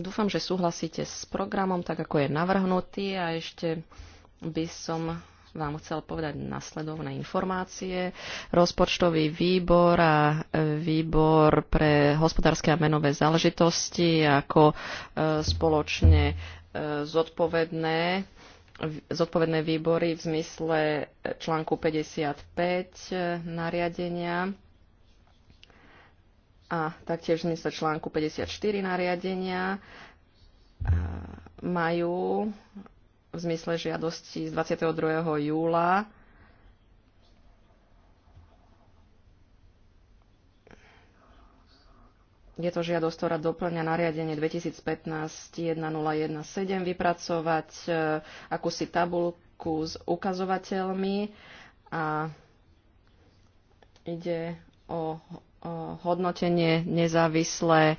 Dúfam, že súhlasíte s programom, tak ako je navrhnutý a ešte by som vám chcel povedať nasledovné informácie. Rozpočtový výbor a e, výbor pre hospodárske a menové záležitosti ako e, spoločne e, zodpovedné zodpovedné výbory v zmysle článku 55 nariadenia a taktiež v zmysle článku 54 nariadenia majú v zmysle žiadosti z 22. júla Je to žiadosť, ktorá doplňa nariadenie 2015-1017 vypracovať e, akúsi tabulku s ukazovateľmi a ide o Eh, hodnotenie nezávislé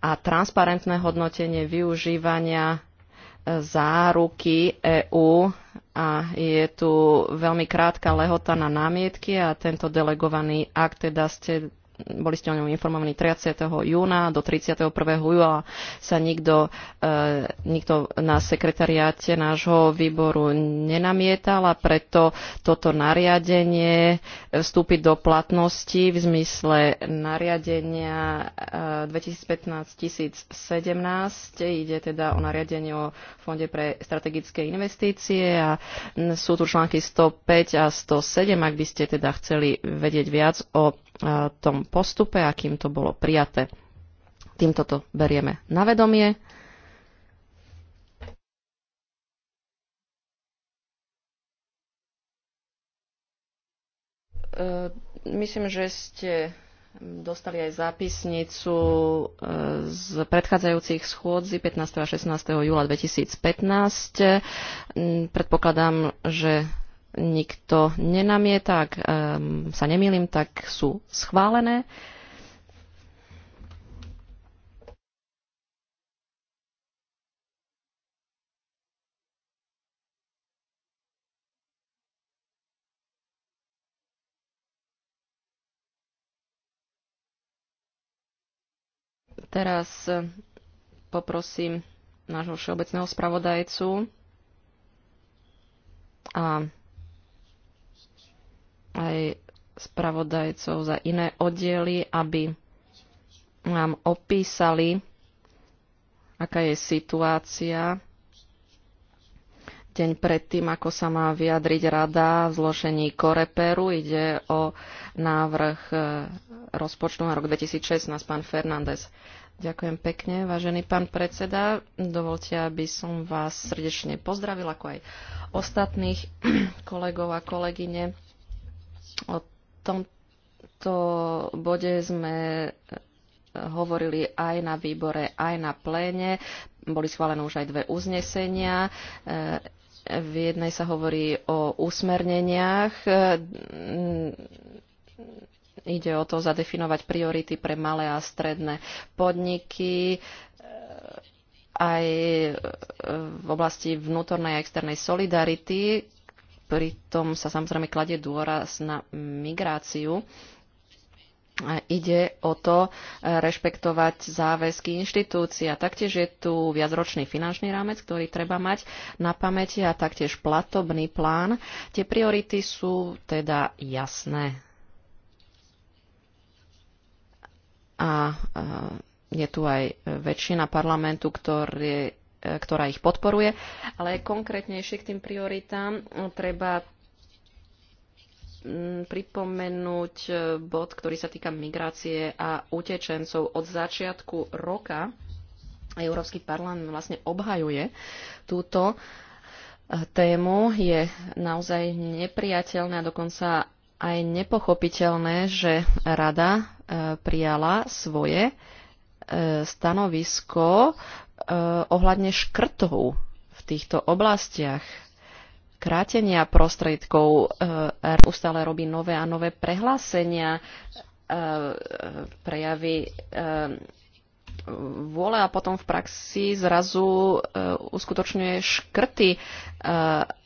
a transparentné hodnotenie využívania eh, záruky EÚ a je tu veľmi krátka lehota na námietky a tento delegovaný akt teda ste boli ste o ňom informovaní 30. júna, do 31. júla sa nikto, e, nikto na sekretariáte nášho výboru nenamietal a preto toto nariadenie vstúpi do platnosti v zmysle nariadenia 2015 e, 2017 Ide teda o nariadenie o Fonde pre strategické investície a sú tu články 105 a 107, ak by ste teda chceli vedieť viac o e, tom postupe, akým to bolo prijaté. Týmto to berieme na vedomie. E, myslím, že ste dostali aj zápisnicu e, z predchádzajúcich schôdzi 15. a 16. júla 2015. Predpokladám, že nikto nenamieta, ak um, sa nemýlim, tak sú schválené. Teraz e, poprosím nášho všeobecného spravodajcu a aj spravodajcov za iné oddiely, aby nám opísali, aká je situácia deň predtým, ako sa má vyjadriť rada v zložení Koreperu. Ide o návrh e, rozpočtu na rok 2016, pán Fernández. Ďakujem pekne, vážený pán predseda. Dovolte, aby som vás srdečne pozdravil, ako aj ostatných kolegov a kolegyne. O tomto bode sme e, hovorili aj na výbore, aj na pléne. Boli schválené už aj dve uznesenia. E, v jednej sa hovorí o usmerneniach e, ide o to zadefinovať priority pre malé a stredné podniky aj v oblasti vnútornej a externej solidarity, Pritom sa samozrejme kladie dôraz na migráciu. Ide o to e, rešpektovať záväzky inštitúcií a taktiež je tu viacročný finančný rámec, ktorý treba mať na pamäti a taktiež platobný plán. Tie priority sú teda jasné. A e, je tu aj väčšina parlamentu, ktorý E, ktorá ich podporuje. Ale konkrétnejšie k tým prioritám treba mm, pripomenúť e, bod, ktorý sa týka migrácie a utečencov. Od začiatku roka Európsky parlament vlastne obhajuje túto e, tému. Je naozaj nepriateľné a dokonca aj nepochopiteľné, že rada prijala svoje stanovisko Eh, ohľadne škrtov v týchto oblastiach krátenia prostriedkov ustále eh, robí nové a nové prehlásenia, eh, prejavy vôle a potom v praxi zrazu uskutočňuje škrty.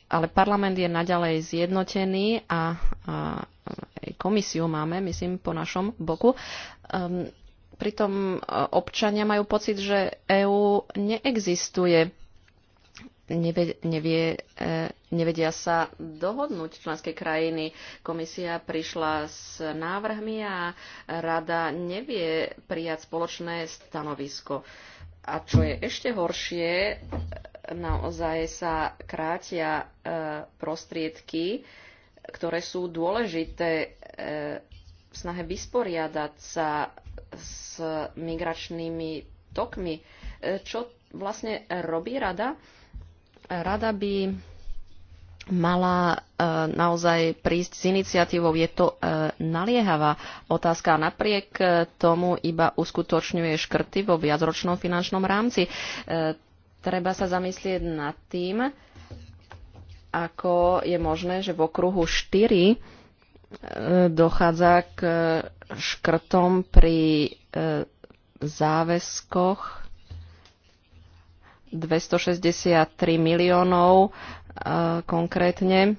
Ale parlament je naďalej zjednotený a komisiu máme, myslím, po našom boku. Ehm, Pritom e, občania majú pocit, že EÚ neexistuje. Nevie, nevie, e, nevedia sa dohodnúť členské krajiny. Komisia prišla s návrhmi a rada nevie prijať spoločné stanovisko. A čo je ešte horšie, e, naozaj sa krátia prostriedky, ktoré sú dôležité v snahe vysporiadať sa s migračnými tokmi. E, čo vlastne robí rada? Rada by mala e, naozaj prísť s iniciatívou. Je to e, naliehavá otázka. Napriek tomu iba uskutočňuje škrty vo viacročnom finančnom rámci. Treba sa zamyslieť nad tým, ako je možné, že v okruhu 4 dochádza k e, škrtom pri e, záväzkoch 263 miliónov e, konkrétne.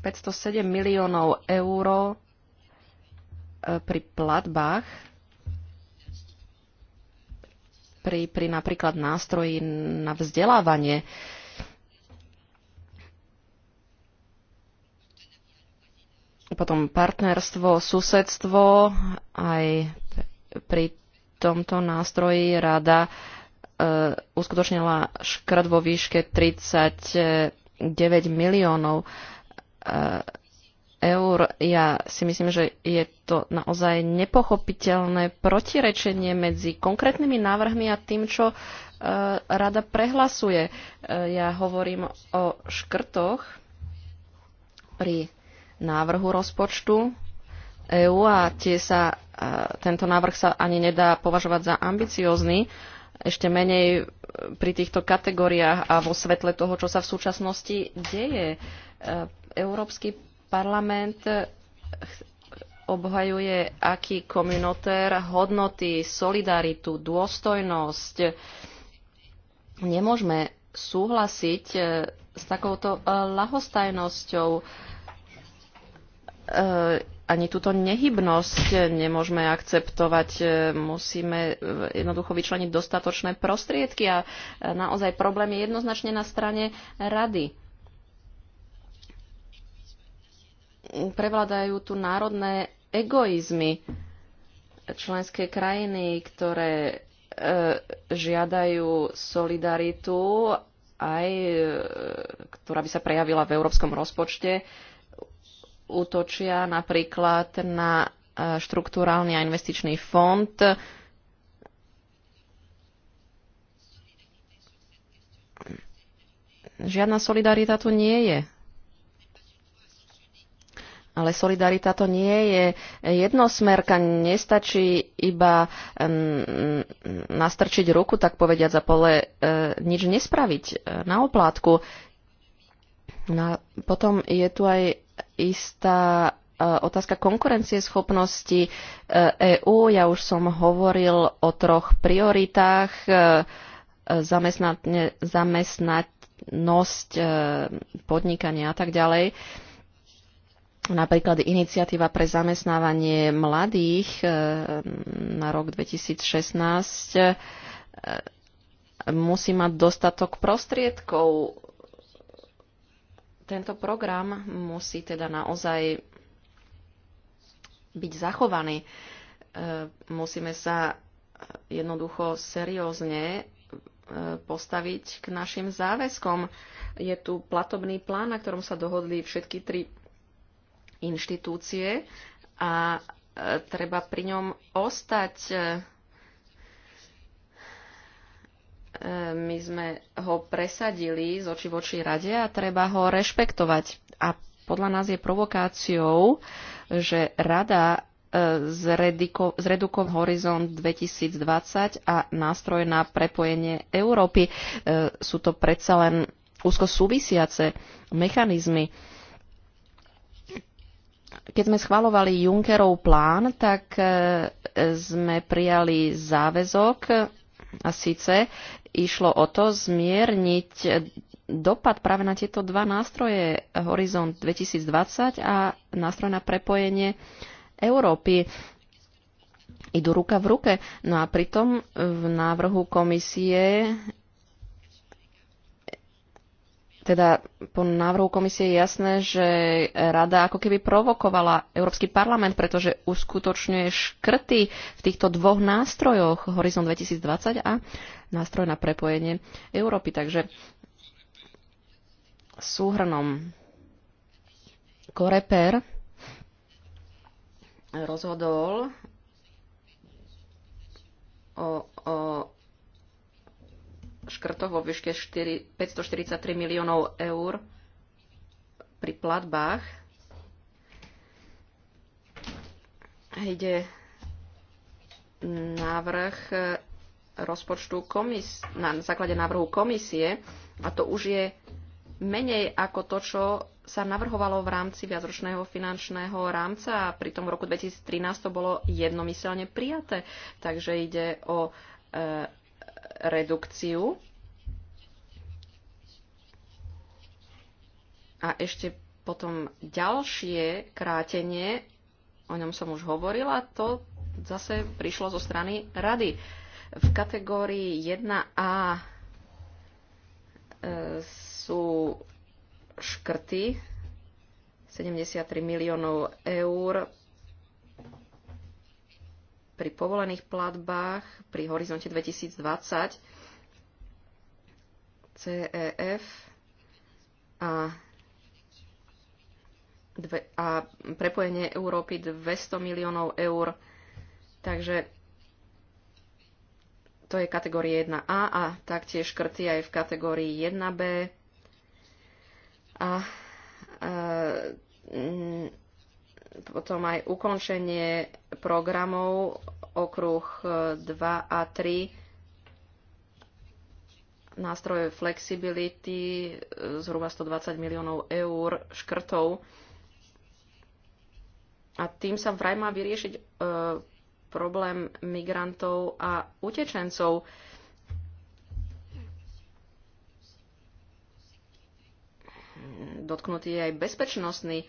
...507 miliónov eur pri platbách pri, pri napríklad nástroji na vzdelávanie. Potom partnerstvo, susedstvo, aj pri tomto nástroji rada e, uskutočnila škrt vo výške 39 miliónov e, eur. Ja si myslím, že je to naozaj nepochopiteľné protirečenie medzi konkrétnymi návrhmi a tým, čo e, rada prehlasuje. E, ja hovorím o škrtoch pri návrhu rozpočtu EÚ a tie sa, e, tento návrh sa ani nedá považovať za ambiciózny, ešte menej pri týchto kategóriách a vo svetle toho, čo sa v súčasnosti deje. Európsky Parlament eh, obhajuje aký komunitér hodnoty, solidaritu, dôstojnosť. Nemôžeme súhlasiť eh, s takouto eh, lahostajnosťou ani túto nehybnosť nemôžeme akceptovať. Musíme jednoducho vyčleniť dostatočné prostriedky a naozaj problém je jednoznačne na strane rady. prevládajú tu národné egoizmy členské krajiny, ktoré e, žiadajú solidaritu, aj, e, ktorá by sa prejavila v európskom rozpočte, útočia napríklad na e, štruktúrálny a investičný fond. Žiadna solidarita tu nie je. Ale solidarita to nie je jednosmerka, nestačí iba nastrčiť ruku, tak povediať za pole, e, nič nespraviť e, na oplátku. No, potom je tu aj istá e, otázka konkurencie schopnosti EÚ. Ja už som hovoril o troch prioritách zamestnanosť, podnikanie a tak ďalej. Napríklad iniciatíva pre zamestnávanie mladých e, na rok 2016 e, musí mať dostatok prostriedkov. Tento program musí teda naozaj byť zachovaný. E, musíme sa jednoducho seriózne postaviť k našim záväzkom. Je tu platobný plán, na ktorom sa dohodli všetky tri inštitúcie a e, treba pri ňom ostať. E, my sme ho presadili z oči voči rade a treba ho rešpektovať. A podľa nás je provokáciou, že rada e, zredukoval horizont 2020 a nástroj na prepojenie Európy. Sú to predsa len úzko súvisiace mechanizmy keď sme schvalovali Junckerov plán, tak e, sme prijali záväzok a síce išlo o to zmierniť dopad práve na tieto dva nástroje Horizont 2020 a nástroj na prepojenie Európy idú ruka v ruke. No a pritom v návrhu komisie teda po návrhu komisie je jasné, že rada ako keby provokovala Európsky parlament, pretože uskutočňuje škrty v týchto dvoch nástrojoch Horizon 2020 a nástroj na prepojenie Európy. Takže súhrnom Koreper rozhodol o, o škrtoch vo výške 543 miliónov eur pri platbách. Ide návrh rozpočtu komis- na základe návrhu komisie a to už je menej ako to, čo sa navrhovalo v rámci viacročného finančného rámca a pritom v roku 2013 to bolo jednomyselne prijaté. Takže ide o e, redukciu. A ešte potom ďalšie krátenie, o ňom som už hovorila, to zase prišlo zo strany rady. V kategórii 1A e, sú škrty 73 miliónov eur pri povolených platbách pri horizonte 2020 CEF a, dve, a prepojenie Európy 200 miliónov eur. Takže to je kategórie 1A a taktiež škrty aj v kategórii 1B. A, a e, mm, potom aj ukončenie programov okruh 2 e, a 3 nástroje flexibility e, zhruba 120 miliónov eur škrtov. A tým sa vraj má vyriešiť e, problém migrantov a utečencov. Dotknutý je aj bezpečnostný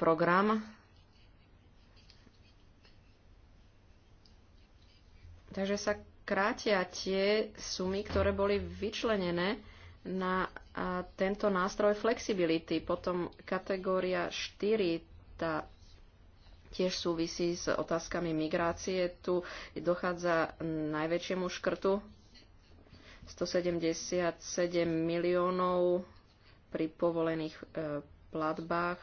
program Takže sa krátia tie sumy, ktoré boli vyčlenené na tento nástroj flexibility. Potom kategória 4, tá tiež súvisí s otázkami migrácie. Tu dochádza najväčšiemu škrtu 177 miliónov pri povolených e, platbách.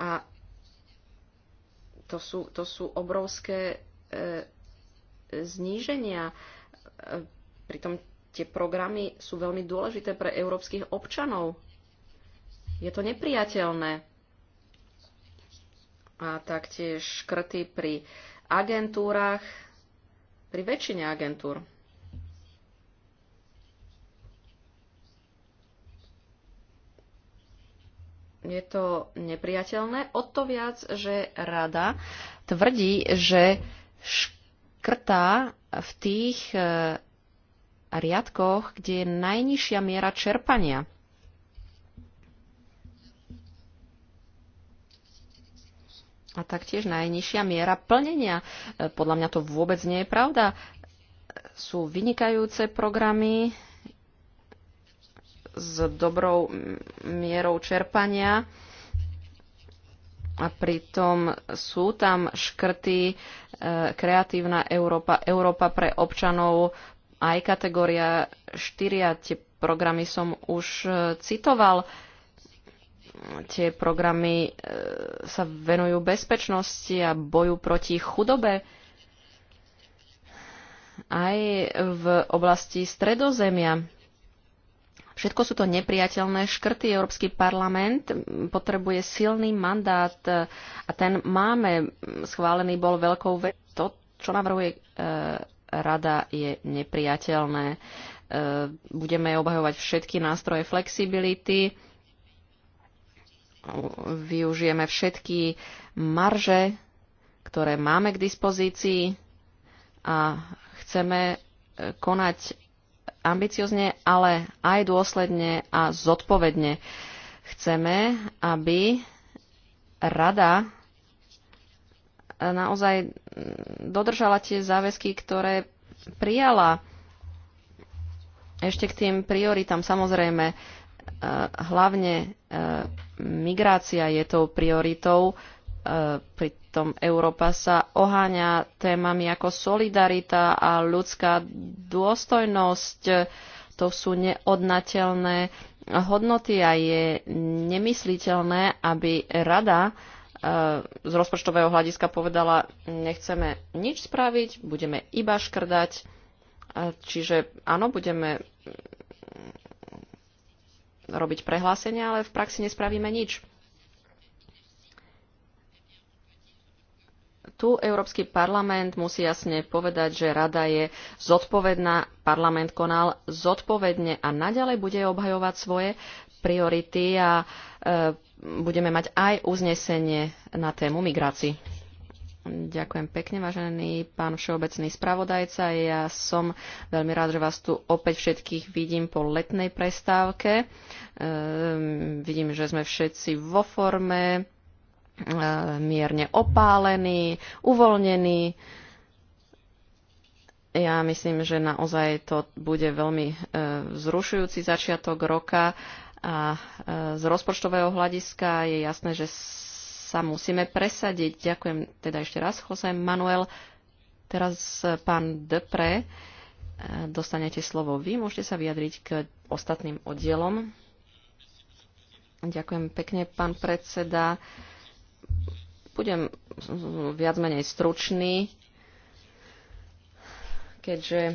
A to sú, to sú obrovské e, zníženia. E, pritom tie programy sú veľmi dôležité pre európskych občanov. Je to nepriateľné. A taktiež škrty pri agentúrach, pri väčšine agentúr. je to nepriateľné, o to viac, že rada tvrdí, že škrtá v tých e, riadkoch, kde je najnižšia miera čerpania. A taktiež najnižšia miera plnenia. E, podľa mňa to vôbec nie je pravda. E, sú vynikajúce programy s dobrou mierou čerpania a pritom sú tam škrty e, Kreatívna Európa, Európa pre občanov, aj kategória 4 a tie programy som už e, citoval. Tie programy e, sa venujú bezpečnosti a boju proti chudobe. Aj v oblasti stredozemia Všetko sú to nepriateľné škrty. Európsky parlament potrebuje silný mandát e, a ten máme. Schválený bol veľkou vec, To, čo navrhuje e, rada, je nepriateľné. E, budeme obhajovať všetky nástroje flexibility využijeme všetky marže, ktoré máme k dispozícii a chceme e, konať ambiciozne, ale aj dôsledne a zodpovedne. Chceme, aby rada naozaj dodržala tie záväzky, ktoré prijala ešte k tým prioritám. Samozrejme, eh, hlavne eh, migrácia je tou prioritou E, pritom Európa sa oháňa témami ako solidarita a ľudská dôstojnosť. To sú neodnateľné hodnoty a je nemysliteľné, aby rada e, z rozpočtového hľadiska povedala, nechceme nič spraviť, budeme iba škrdať. E, čiže áno, budeme robiť prehlásenia, ale v praxi nespravíme nič. tu Európsky parlament musí jasne povedať, že rada je zodpovedná, parlament konal zodpovedne a naďalej bude obhajovať svoje priority a e, budeme mať aj uznesenie na tému migrácií. Ďakujem pekne, vážený pán všeobecný spravodajca. Ja som veľmi rád, že vás tu opäť všetkých vidím po letnej prestávke. Ehm, vidím, že sme všetci vo forme E, mierne opálený, uvoľnený. Ja myslím, že naozaj to bude veľmi e, vzrušujúci začiatok roka a e, z rozpočtového hľadiska je jasné, že sa musíme presadiť. Ďakujem teda ešte raz, Jose Manuel. Teraz pán Depre, dostanete slovo vy, môžete sa vyjadriť k ostatným oddielom. Ďakujem pekne, pán predseda. Budem viac menej stručný, keďže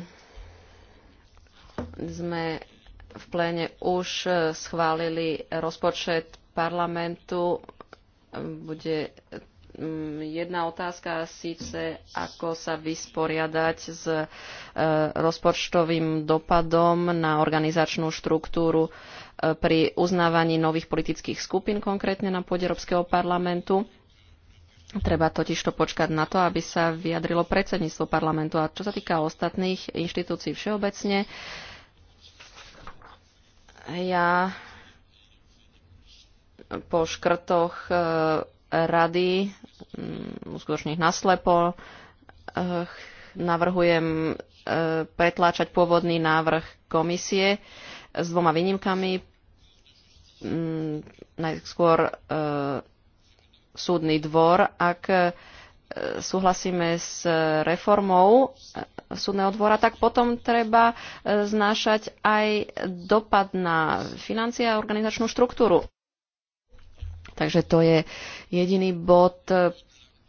sme v pléne už schválili rozpočet parlamentu. Bude mm, jedna otázka síce, ako sa vysporiadať s e, rozpočtovým dopadom na organizačnú štruktúru e, pri uznávaní nových politických skupín, konkrétne na pôde Európskeho parlamentu. Treba totiž to počkať na to, aby sa vyjadrilo predsedníctvo parlamentu. A čo sa týka ostatných inštitúcií všeobecne, ja po škrtoch e, rady, mm, skutočných naslepo, e, navrhujem e, pretláčať pôvodný návrh komisie s dvoma výnimkami. Mm, najskôr súdny dvor, ak e, súhlasíme s reformou e, súdneho dvora, tak potom treba e, znášať aj dopad na financie a organizačnú štruktúru. Takže to je jediný bod,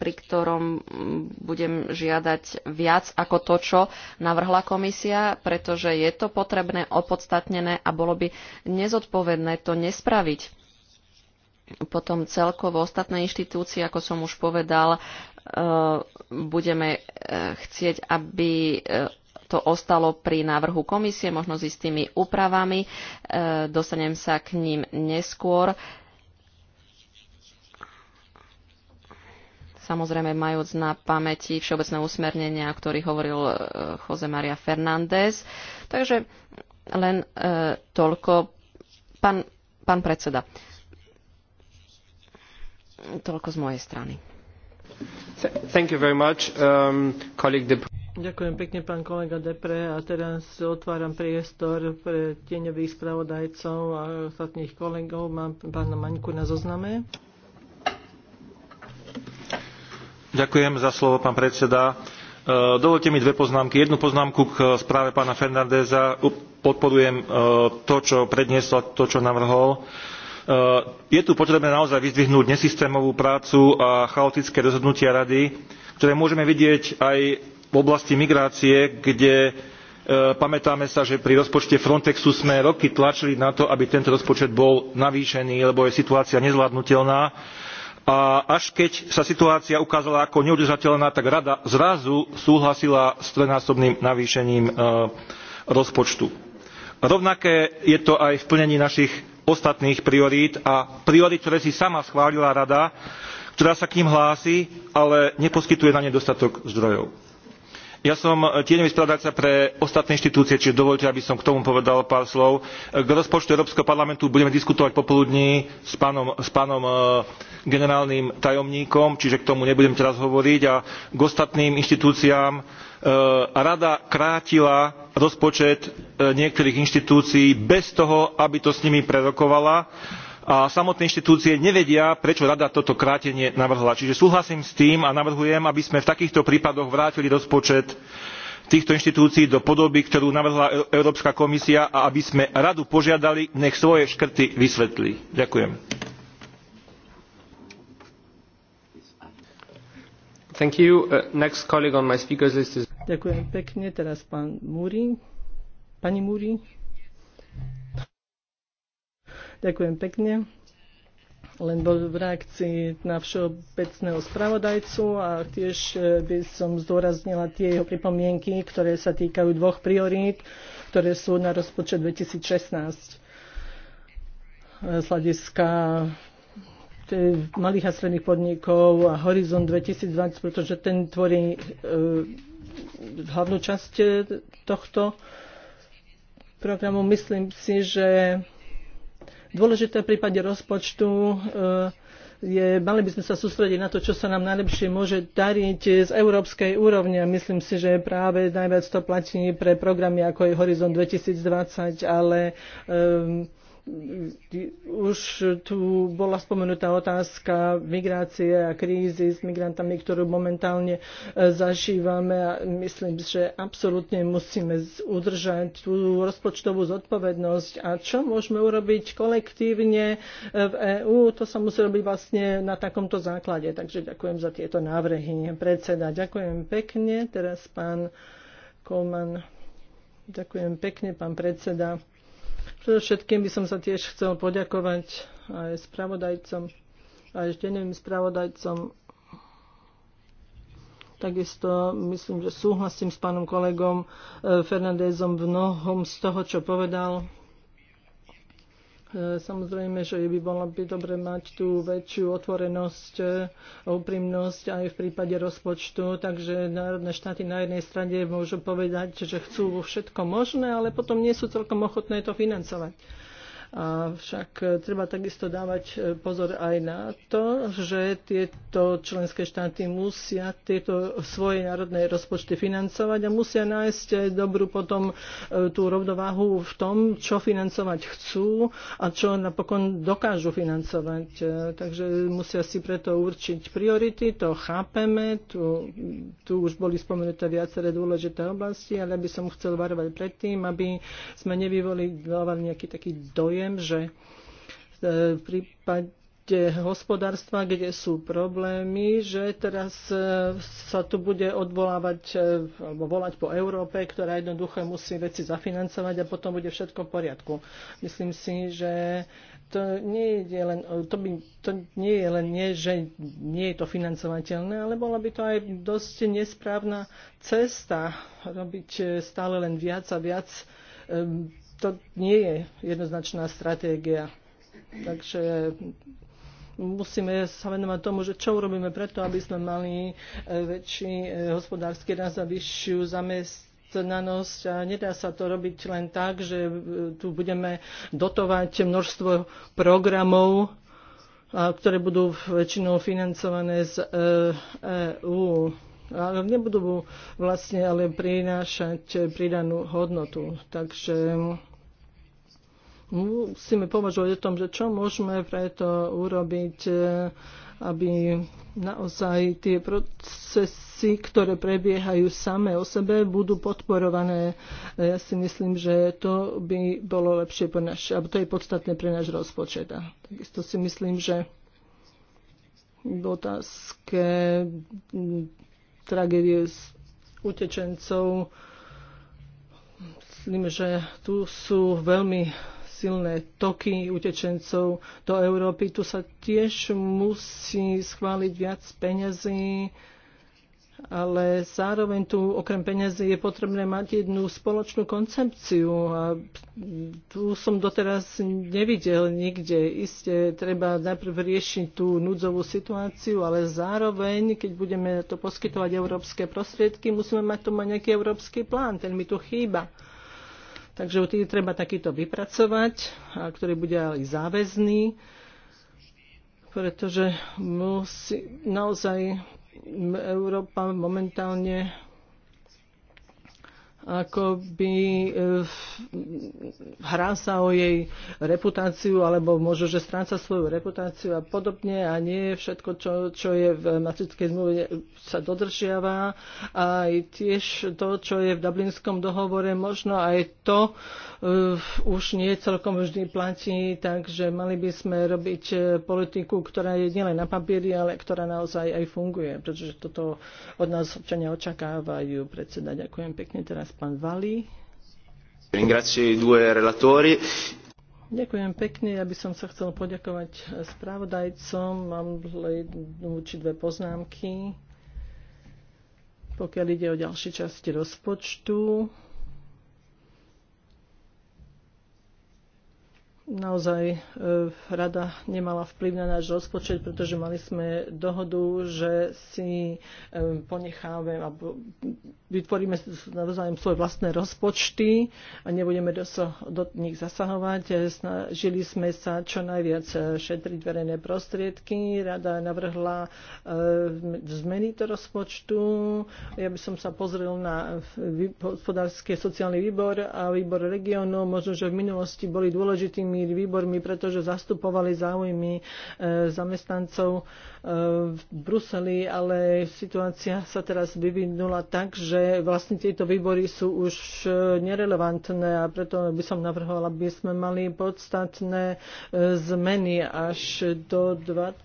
pri ktorom budem žiadať viac ako to, čo navrhla komisia, pretože je to potrebné, opodstatnené a bolo by nezodpovedné to nespraviť potom celkovo ostatné inštitúcie, ako som už povedal, e, budeme e, chcieť, aby e, to ostalo pri návrhu komisie, možno s istými úpravami. Dostanem sa k ním neskôr. Samozrejme majúc na pamäti všeobecné usmernenia, o ktorých hovoril Jose Maria Fernández. Takže len toľko. Pán, pán predseda. Toľko z mojej strany. Um, Ďakujem pekne, pán kolega Depre. A teraz otváram priestor pre tieňových spravodajcov a ostatných kolegov. Mám pána Maňku na zozname. Ďakujem za slovo, pán predseda. E, dovolte mi dve poznámky. Jednu poznámku k správe pána Fernandeza Podporujem e, to, čo predniesol, to, čo navrhol. Eh, je tu potrebné naozaj vyzdvihnúť nesystémovú prácu a chaotické rozhodnutia rady, ktoré môžeme vidieť aj v oblasti migrácie, kde eh, pamätáme sa, že pri rozpočte Frontexu sme roky tlačili na to, aby tento rozpočet bol navýšený, lebo je situácia nezvládnutelná. A až keď sa situácia ukázala ako neudržateľná, tak rada zrazu súhlasila s trojnásobným navýšením eh, rozpočtu. Rovnaké je to aj v plnení našich ostatných priorít a priorít, ktoré si sama schválila Rada, ktorá sa k ním hlási, ale neposkytuje na ne dostatok zdrojov. Ja som e, tieňový spravodajca pre ostatné inštitúcie, čiže dovolte, aby som k tomu povedal pár slov. E, k rozpočtu Európskeho parlamentu budeme diskutovať popoludní s pánom, s pánom e, generálnym tajomníkom, čiže k tomu nebudem teraz hovoriť. A k ostatným inštitúciám Eh, rada krátila rozpočet eh, niektorých inštitúcií bez toho aby to s nimi prerokovala a samotné inštitúcie nevedia prečo rada toto krátenie navrhla. čiže súhlasím s tým a navrhujem aby sme v takýchto prípadoch vrátili rozpočet týchto inštitúcií do podoby ktorú navrhla e- európska komisia a aby sme radu požiadali nech svoje škrty vysvetlí. ďakujem. Thank you. Uh, next colleague on my speakers list is... Ďakujem pekne. Teraz pán Múri. Pani Múri. Ďakujem pekne len bol v reakcii na všeobecného spravodajcu a tiež eh, by som zdôraznila tie jeho pripomienky, ktoré sa týkajú dvoch priorít, ktoré sú na rozpočet 2016 eh, z hľadiska E, malých a stredných podnikov a Horizon 2020, pretože ten tvorí e, hlavnú časť e, tohto programu. Myslím si, že dôležité v prípade rozpočtu je, mali by sme sa sústrediť na to, čo sa nám najlepšie môže dariť z európskej úrovne. myslím si, že práve najviac to platí pre programy ako je Horizon 2020, ale um, už tu bola spomenutá otázka migrácie a krízy s migrantami, ktorú momentálne e, zažívame a myslím, že absolútne musíme udržať tú rozpočtovú zodpovednosť a čo môžeme urobiť kolektívne e, v EÚ, to sa musí robiť vlastne na takomto základe. Takže ďakujem za tieto návrhy. Predseda, ďakujem pekne. Teraz pán Kolman. Ďakujem pekne, pán predseda. Predovšetkým by som sa tiež chcel poďakovať aj spravodajcom, aj ždeným spravodajcom. Takisto myslím, že súhlasím s pánom kolegom eh, Fernandezom v mnohom z toho, čo povedal. E, samozrejme, že by bolo by dobre mať tú väčšiu otvorenosť, e, úprimnosť aj v prípade rozpočtu, takže národné štáty na jednej strane môžu povedať, že chcú všetko možné, ale potom nie sú celkom ochotné to financovať. Avšak e, treba takisto dávať e, pozor aj na to, že tieto členské štáty musia tieto svoje národné rozpočty financovať a musia nájsť dobrú potom e, tú rovnováhu v tom, čo financovať chcú a čo napokon dokážu financovať. Takže musia si preto určiť priority, to chápeme, tu, tu už boli spomenuté viaceré dôležité oblasti, ale by som chcel varovať predtým, aby sme nevyvolili nejaký taký dojem, Viem, že e, v prípade hospodárstva, kde sú problémy, že teraz e, sa tu bude odvolávať e, alebo volať po Európe, ktorá jednoducho musí veci zafinancovať a potom bude všetko v poriadku. Myslím si, že to nie je len, to by, to nie je len nie, že nie je to financovateľné, ale bola by to aj dosť nesprávna cesta robiť stále len viac a viac to nie je jednoznačná stratégia. Takže musíme sa venovať tomu, že čo urobíme preto, aby sme mali e, väčší e, hospodársky rast a vyššiu zamestnanosť. A nedá sa to robiť len tak, že e, tu budeme dotovať množstvo programov, ktoré budú väčšinou financované z EÚ. E, ale nebudú vlastne ale prinášať eh, pridanú hodnotu. Takže musíme považovať o tom, že čo môžeme preto urobiť, eh, aby naozaj tie procesy, ktoré prebiehajú samé o sebe, budú podporované. Eh, ja si myslím, že to by bolo lepšie pre naš, alebo to je podstatné pre náš rozpočet. takisto si myslím, že v otázke tragédie s utečencov. Myslím, že tu sú veľmi silné toky utečencov do Európy. Tu sa tiež musí schváliť viac peňazí ale zároveň tu okrem peniazy je potrebné mať jednu spoločnú koncepciu a tu som doteraz nevidel nikde. Isté treba najprv riešiť tú núdzovú situáciu, ale zároveň, keď budeme to poskytovať európske prostriedky, musíme mať tu mať nejaký európsky plán, ten mi tu chýba. Takže tý treba takýto vypracovať, a ktorý bude aj záväzný, pretože musí naozaj Európa momentálne ako by e, hrá sa o jej reputáciu, alebo môže že stráca svoju reputáciu a podobne a nie všetko, čo, čo je v Maastrichtskej zmluve sa dodržiava a aj tiež to, čo je v Dublinskom dohovore, možno aj to uh, už nie celkom vždy platí, takže mali by sme robiť e, politiku, ktorá je nielen na papieri, ale ktorá naozaj aj funguje, pretože toto od nás občania očakávajú. Predseda, ďakujem pekne teraz pán Vali. Ďakujem pekne, ja by som sa chcel poďakovať spravodajcom. Mám jednu či dve poznámky. Pokiaľ ide o ďalšie časti rozpočtu, naozaj e, rada nemala vplyv na náš rozpočet, pretože mali sme dohodu, že si e, ponecháme a vytvoríme navzájom svoje vlastné rozpočty a nebudeme do, do nich zasahovať. E, snažili sme sa čo najviac šetriť verejné prostriedky. Rada navrhla zmeny to rozpočtu. Ja by som sa pozrel na hospodársky sociálny výbor a výbor regionu. Možno, že v minulosti boli dôležitými rozpočtovými výbormi, pretože zastupovali záujmy e, zamestnancov e, v Bruseli, ale situácia sa teraz vyvinula tak, že vlastne tieto výbory sú už e, nerelevantné a preto by som navrhovala, aby sme mali podstatné zmeny až do 20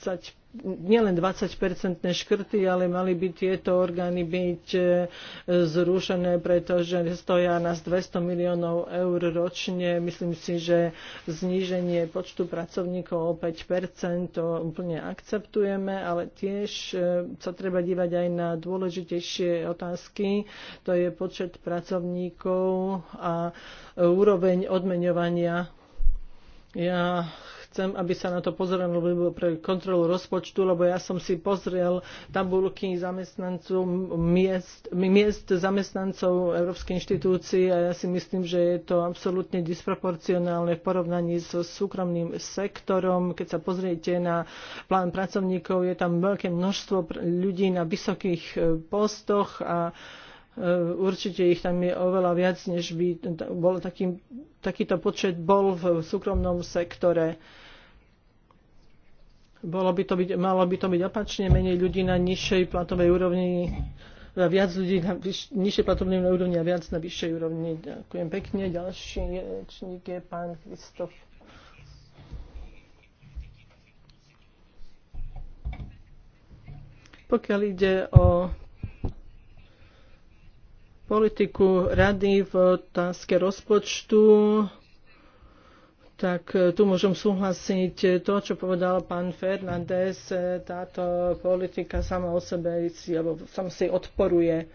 20 nielen 20-percentné škrty, ale mali by tieto orgány byť e, zrušené, pretože stoja nás 200 miliónov eur ročne. Myslím si, že zníženie počtu pracovníkov o 5 to úplne akceptujeme, ale tiež e, sa treba dívať aj na dôležitejšie otázky. To je počet pracovníkov a úroveň odmeňovania. Ja chcem, aby sa na to pozrelo pre kontrolu rozpočtu, lebo ja som si pozrel tabulky zamestnancov miest, miest zamestnancov Európskej inštitúcii a ja si myslím, že je to absolútne disproporcionálne v porovnaní so súkromným sektorom. Keď sa pozriete na plán pracovníkov, je tam veľké množstvo ľudí na vysokých eh, postoch a Eh, určite ich tam je oveľa viac, než by bol taký, takýto počet bol v súkromnom sektore. Bolo by to byť, malo by to byť opačne, menej ľudí na nižšej platovej úrovni, viac ľudí na vyš, nižšej platovnej úrovni a viac na vyššej úrovni. Ďakujem pekne. Ďalší rečník je pán Kristof Pokiaľ ide o politiku rady v otázke rozpočtu, tak e, tu môžem súhlasiť to, čo povedal pán Fernández. E, táto politika sama o sebe si, alebo sam si odporuje.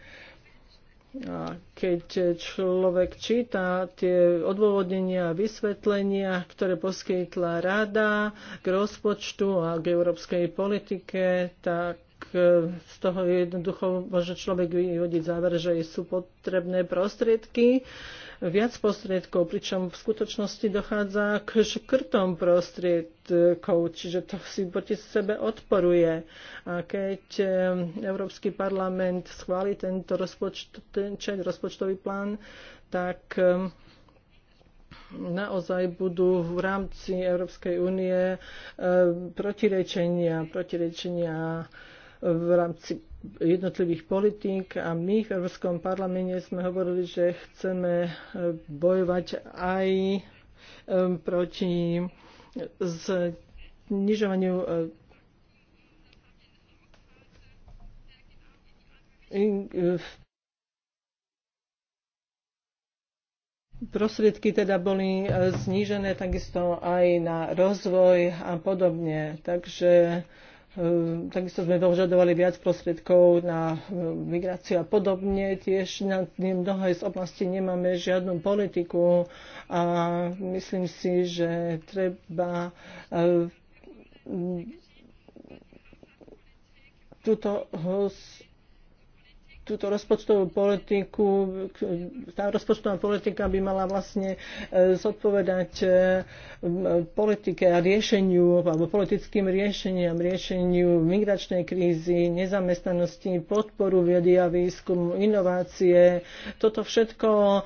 A keď človek číta tie odôvodnenia a vysvetlenia, ktoré poskytla rada k rozpočtu a k európskej politike, tak E, z toho jednoducho môže človek vyvodiť záver, že sú potrebné prostriedky, viac prostriedkov, pričom v skutočnosti dochádza k škrtom prostriedkov, čiže to si proti sebe odporuje. A keď e, Európsky parlament schváli tento rozpočt, ten rozpočtový plán, tak e, naozaj budú v rámci Európskej únie protirečenia, protirečenia v rámci jednotlivých politík a my v Európskom parlamente sme hovorili, že chceme eh, bojovať aj eh, proti znižovaniu eh, prostriedky teda boli znížené takisto aj na rozvoj a podobne. Takže Takisto sme dožadovali viac prostriedkov na migráciu a podobne. Tiež na mnohé z oblasti nemáme žiadnu politiku a myslím si, že treba túto túto rozpočtovú politiku, tá rozpočtová politika by mala vlastne e, zodpovedať e, politike a riešeniu, alebo politickým riešeniam, riešeniu migračnej krízy, nezamestnanosti, podporu vedy a výskumu, inovácie. Toto všetko e,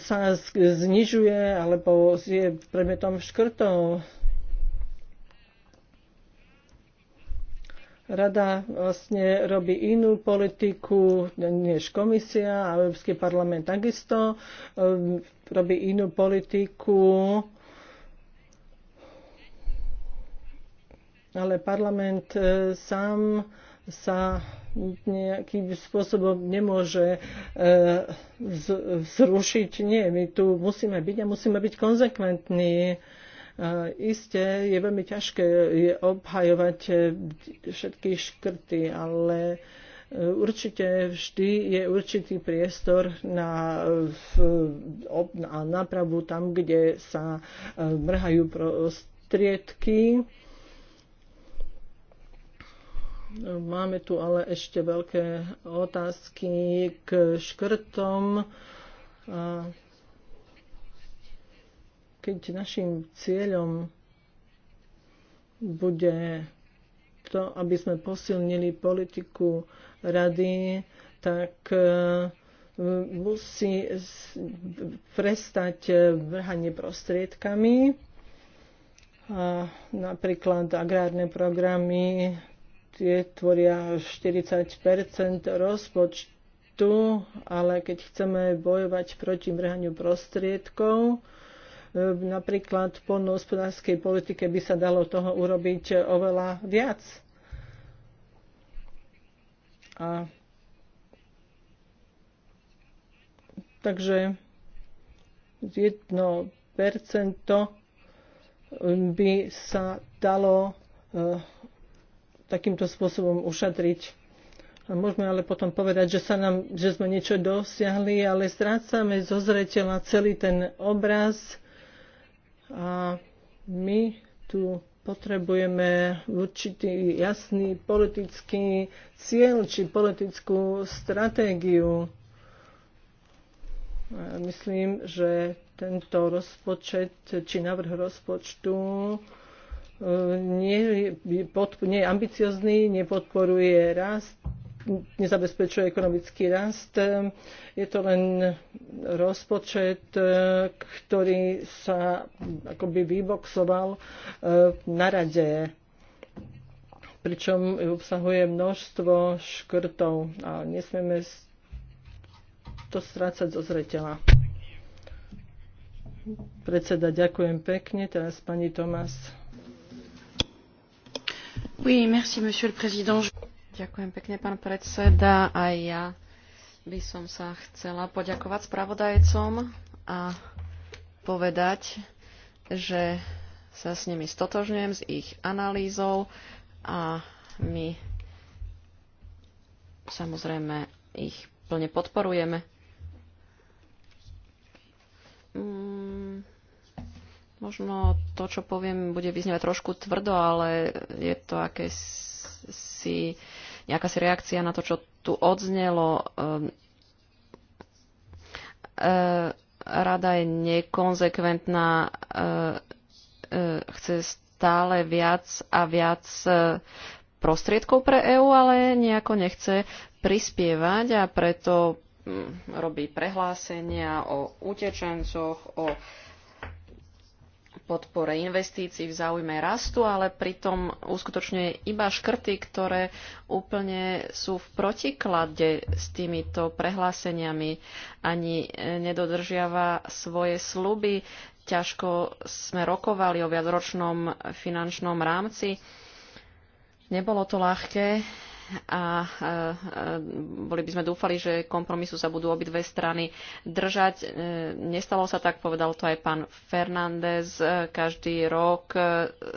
sa znižuje alebo je predmetom škrtov. Rada vlastne robí inú politiku než komisia a Európsky parlament takisto ehm, robí inú politiku. Ale parlament e, sám sa nejakým spôsobom nemôže e, zrušiť. Nie, my tu musíme byť a musíme byť konzekventní. Isté je veľmi ťažké obhajovať e, všetky škrty, ale e, Určite vždy je určitý priestor na, na nápravu tam, kde sa e, mrhajú prostriedky. Máme tu ale ešte veľké otázky k škrtom. A keď našim cieľom bude to, aby sme posilnili politiku rady, tak e, musí prestať e, vrhanie prostriedkami. A napríklad agrárne programy tie tvoria 40 rozpočtu, ale keď chceme bojovať proti vrhaniu prostriedkov, E, napríklad v poľnohospodárskej politike by sa dalo toho urobiť oveľa viac. A takže jedno percento by sa dalo e, takýmto spôsobom ušatriť. A môžeme ale potom povedať, že, sa nám, že sme niečo dosiahli, ale strácame zo zreteľa celý ten obraz a my tu potrebujeme určitý jasný politický cieľ či politickú stratégiu. Myslím, že tento rozpočet či návrh rozpočtu e, nie, pod, nie je ambiciozný, nepodporuje rast, nezabezpečuje ekonomický rast. Je to len rozpočet, ktorý sa akoby vyboxoval eh, na rade pričom obsahuje množstvo škrtov a nesmieme to strácať zo zreteľa. Predseda, ďakujem pekne. Teraz pani Tomás. Oui, merci, monsieur le président. Ďakujem pekne, pán predseda. Aj ja by som sa chcela poďakovať spravodajcom a povedať, že sa s nimi stotožňujem, s ich analýzou a my samozrejme ich plne podporujeme. Mm, možno to, čo poviem, bude vyznievať trošku tvrdo, ale je to akési nejaká si reakcia na to, čo tu odznelo. Ehm, e, rada je nekonzekventná, e, e, chce stále viac a viac prostriedkov pre EÚ, ale nejako nechce prispievať a preto mm, robí prehlásenia o utečencoch, o podpore investícií v záujme rastu, ale pritom uskutočňuje iba škrty, ktoré úplne sú v protiklade s týmito prehláseniami. Ani e, nedodržiava svoje sluby. Ťažko sme rokovali o viacročnom finančnom rámci. Nebolo to ľahké a boli by sme dúfali, že kompromisu sa budú obidve strany držať. E, nestalo sa tak, povedal to aj pán Fernández. E, každý rok e,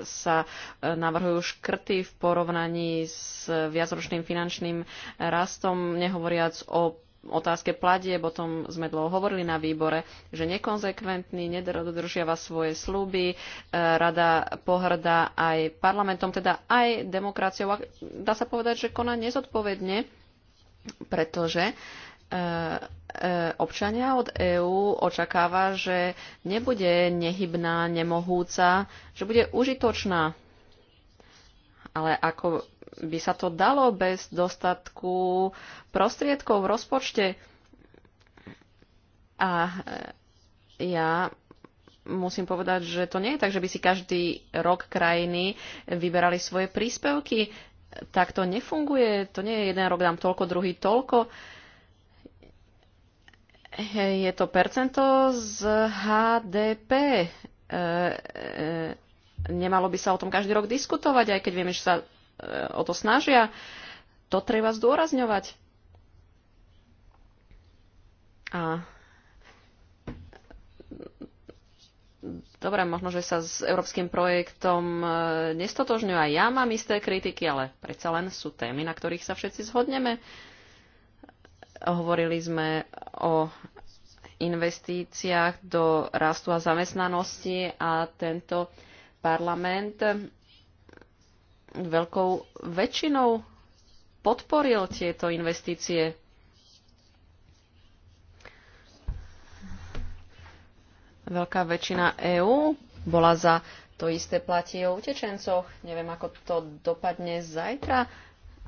sa navrhujú škrty v porovnaní s viacročným finančným rastom, nehovoriac o otázke platieb, o tom sme dlho hovorili na výbore, že nekonzekventný, nedodržiava svoje sluby, e, rada pohrdá aj parlamentom, teda aj demokraciou. A dá sa povedať, že koná nezodpovedne, pretože e, e, občania od EÚ očakáva, že nebude nehybná, nemohúca, že bude užitočná. Ale ako by sa to dalo bez dostatku prostriedkov v rozpočte. A e, ja musím povedať, že to nie je tak, že by si každý rok krajiny vyberali svoje príspevky. Tak to nefunguje. To nie je jeden rok dám toľko, druhý toľko. Je to percento z HDP. E, e, nemalo by sa o tom každý rok diskutovať, aj keď vieme, že sa o to snažia. To treba zdôrazňovať. A Dobre, možno, že sa s európskym projektom e, nestotožňujú. Aj ja mám isté kritiky, ale predsa len sú témy, na ktorých sa všetci zhodneme. Hovorili sme o investíciách do rastu a zamestnanosti a tento parlament veľkou väčšinou podporil tieto investície. Veľká väčšina EÚ bola za to isté platí o utečencoch. Neviem, ako to dopadne zajtra,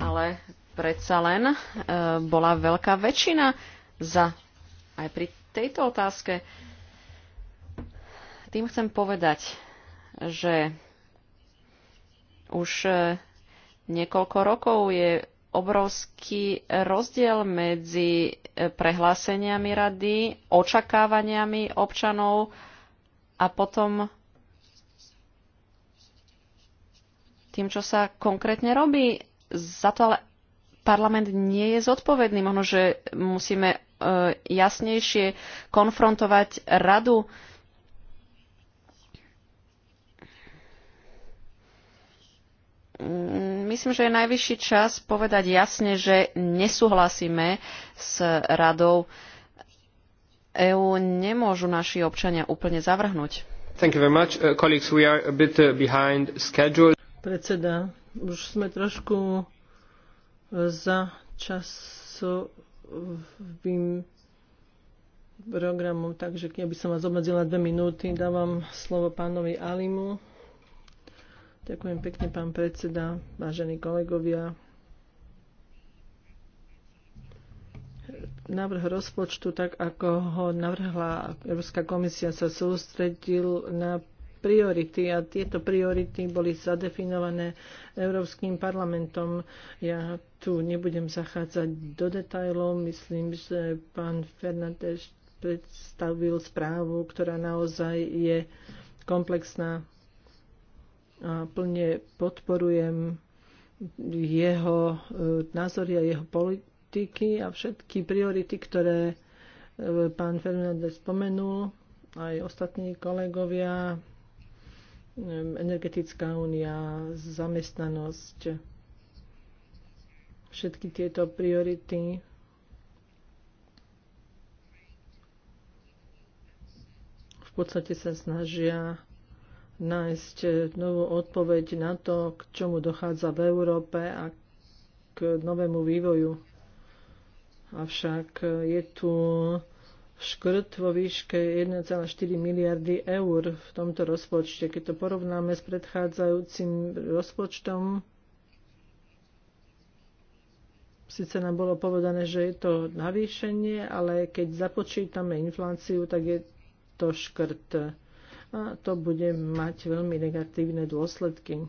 ale predsa len e, bola veľká väčšina za aj pri tejto otázke. Tým chcem povedať, že už e, niekoľko rokov je obrovský rozdiel medzi e, prehláseniami rady, očakávaniami občanov a potom tým, čo sa konkrétne robí. Za to ale parlament nie je zodpovedný. Možno, že musíme e, jasnejšie konfrontovať radu Mm, myslím, že je najvyšší čas povedať jasne, že nesúhlasíme s radou. EÚ nemôžu naši občania úplne zavrhnúť. Thank you very much. Uh, colleagues, we are a bit uh, behind schedule. Predseda, už sme trošku uh, za časovým programom, takže keby som vás obmedzila dve minúty, dávam slovo pánovi Alimu. Ďakujem pekne, pán predseda, vážení kolegovia. Návrh rozpočtu, tak ako ho navrhla Európska komisia, sa sústredil na priority a tieto priority boli zadefinované Európskym parlamentom. Ja tu nebudem zachádzať do detajlov. Myslím, že pán Fernández predstavil správu, ktorá naozaj je komplexná a plne podporujem jeho e, názory a jeho politiky a všetky priority, ktoré e, pán Fernández spomenul, aj ostatní kolegovia, e, energetická únia, zamestnanosť, všetky tieto priority. V podstate sa snažia nájsť eh, novú odpoveď na to, k čomu dochádza v Európe a k novému vývoju. Avšak eh, je tu škrt vo výške 1,4 miliardy eur v tomto rozpočte. Keď to porovnáme s predchádzajúcim rozpočtom, Sice nám bolo povedané, že je to navýšenie, ale keď započítame infláciu, tak je to škrt a to bude mať veľmi negatívne dôsledky.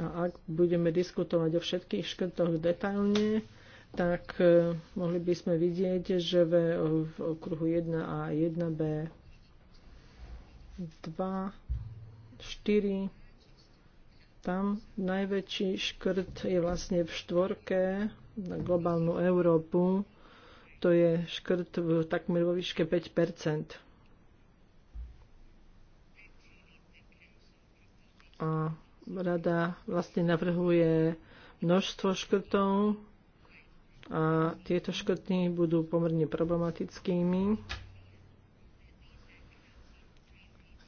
A ak budeme diskutovať o všetkých škrtoch detailne, tak e, mohli by sme vidieť, že v, okruhu 1a a 1b 2, 4, tam najväčší škrt je vlastne v štvorke na globálnu Európu. To je škrt v, takmer vo výške 5 A rada vlastne navrhuje množstvo škrtov a tieto škrty budú pomerne problematickými.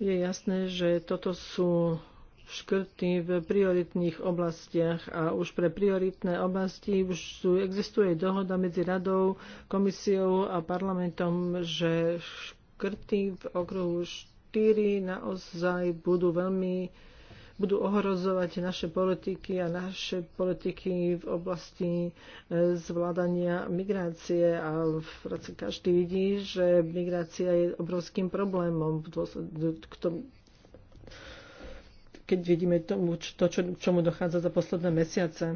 Je jasné, že toto sú škrty v prioritných oblastiach a už pre prioritné oblasti už existuje dohoda medzi radou, komisiou a parlamentom, že škrty v okruhu 4 naozaj budú veľmi budú ohrozovať naše politiky a naše politiky v oblasti e, zvládania migrácie. A každý vidí, že migrácia je obrovským problémom, keď vidíme tomu, to, čo, čomu dochádza za posledné mesiace.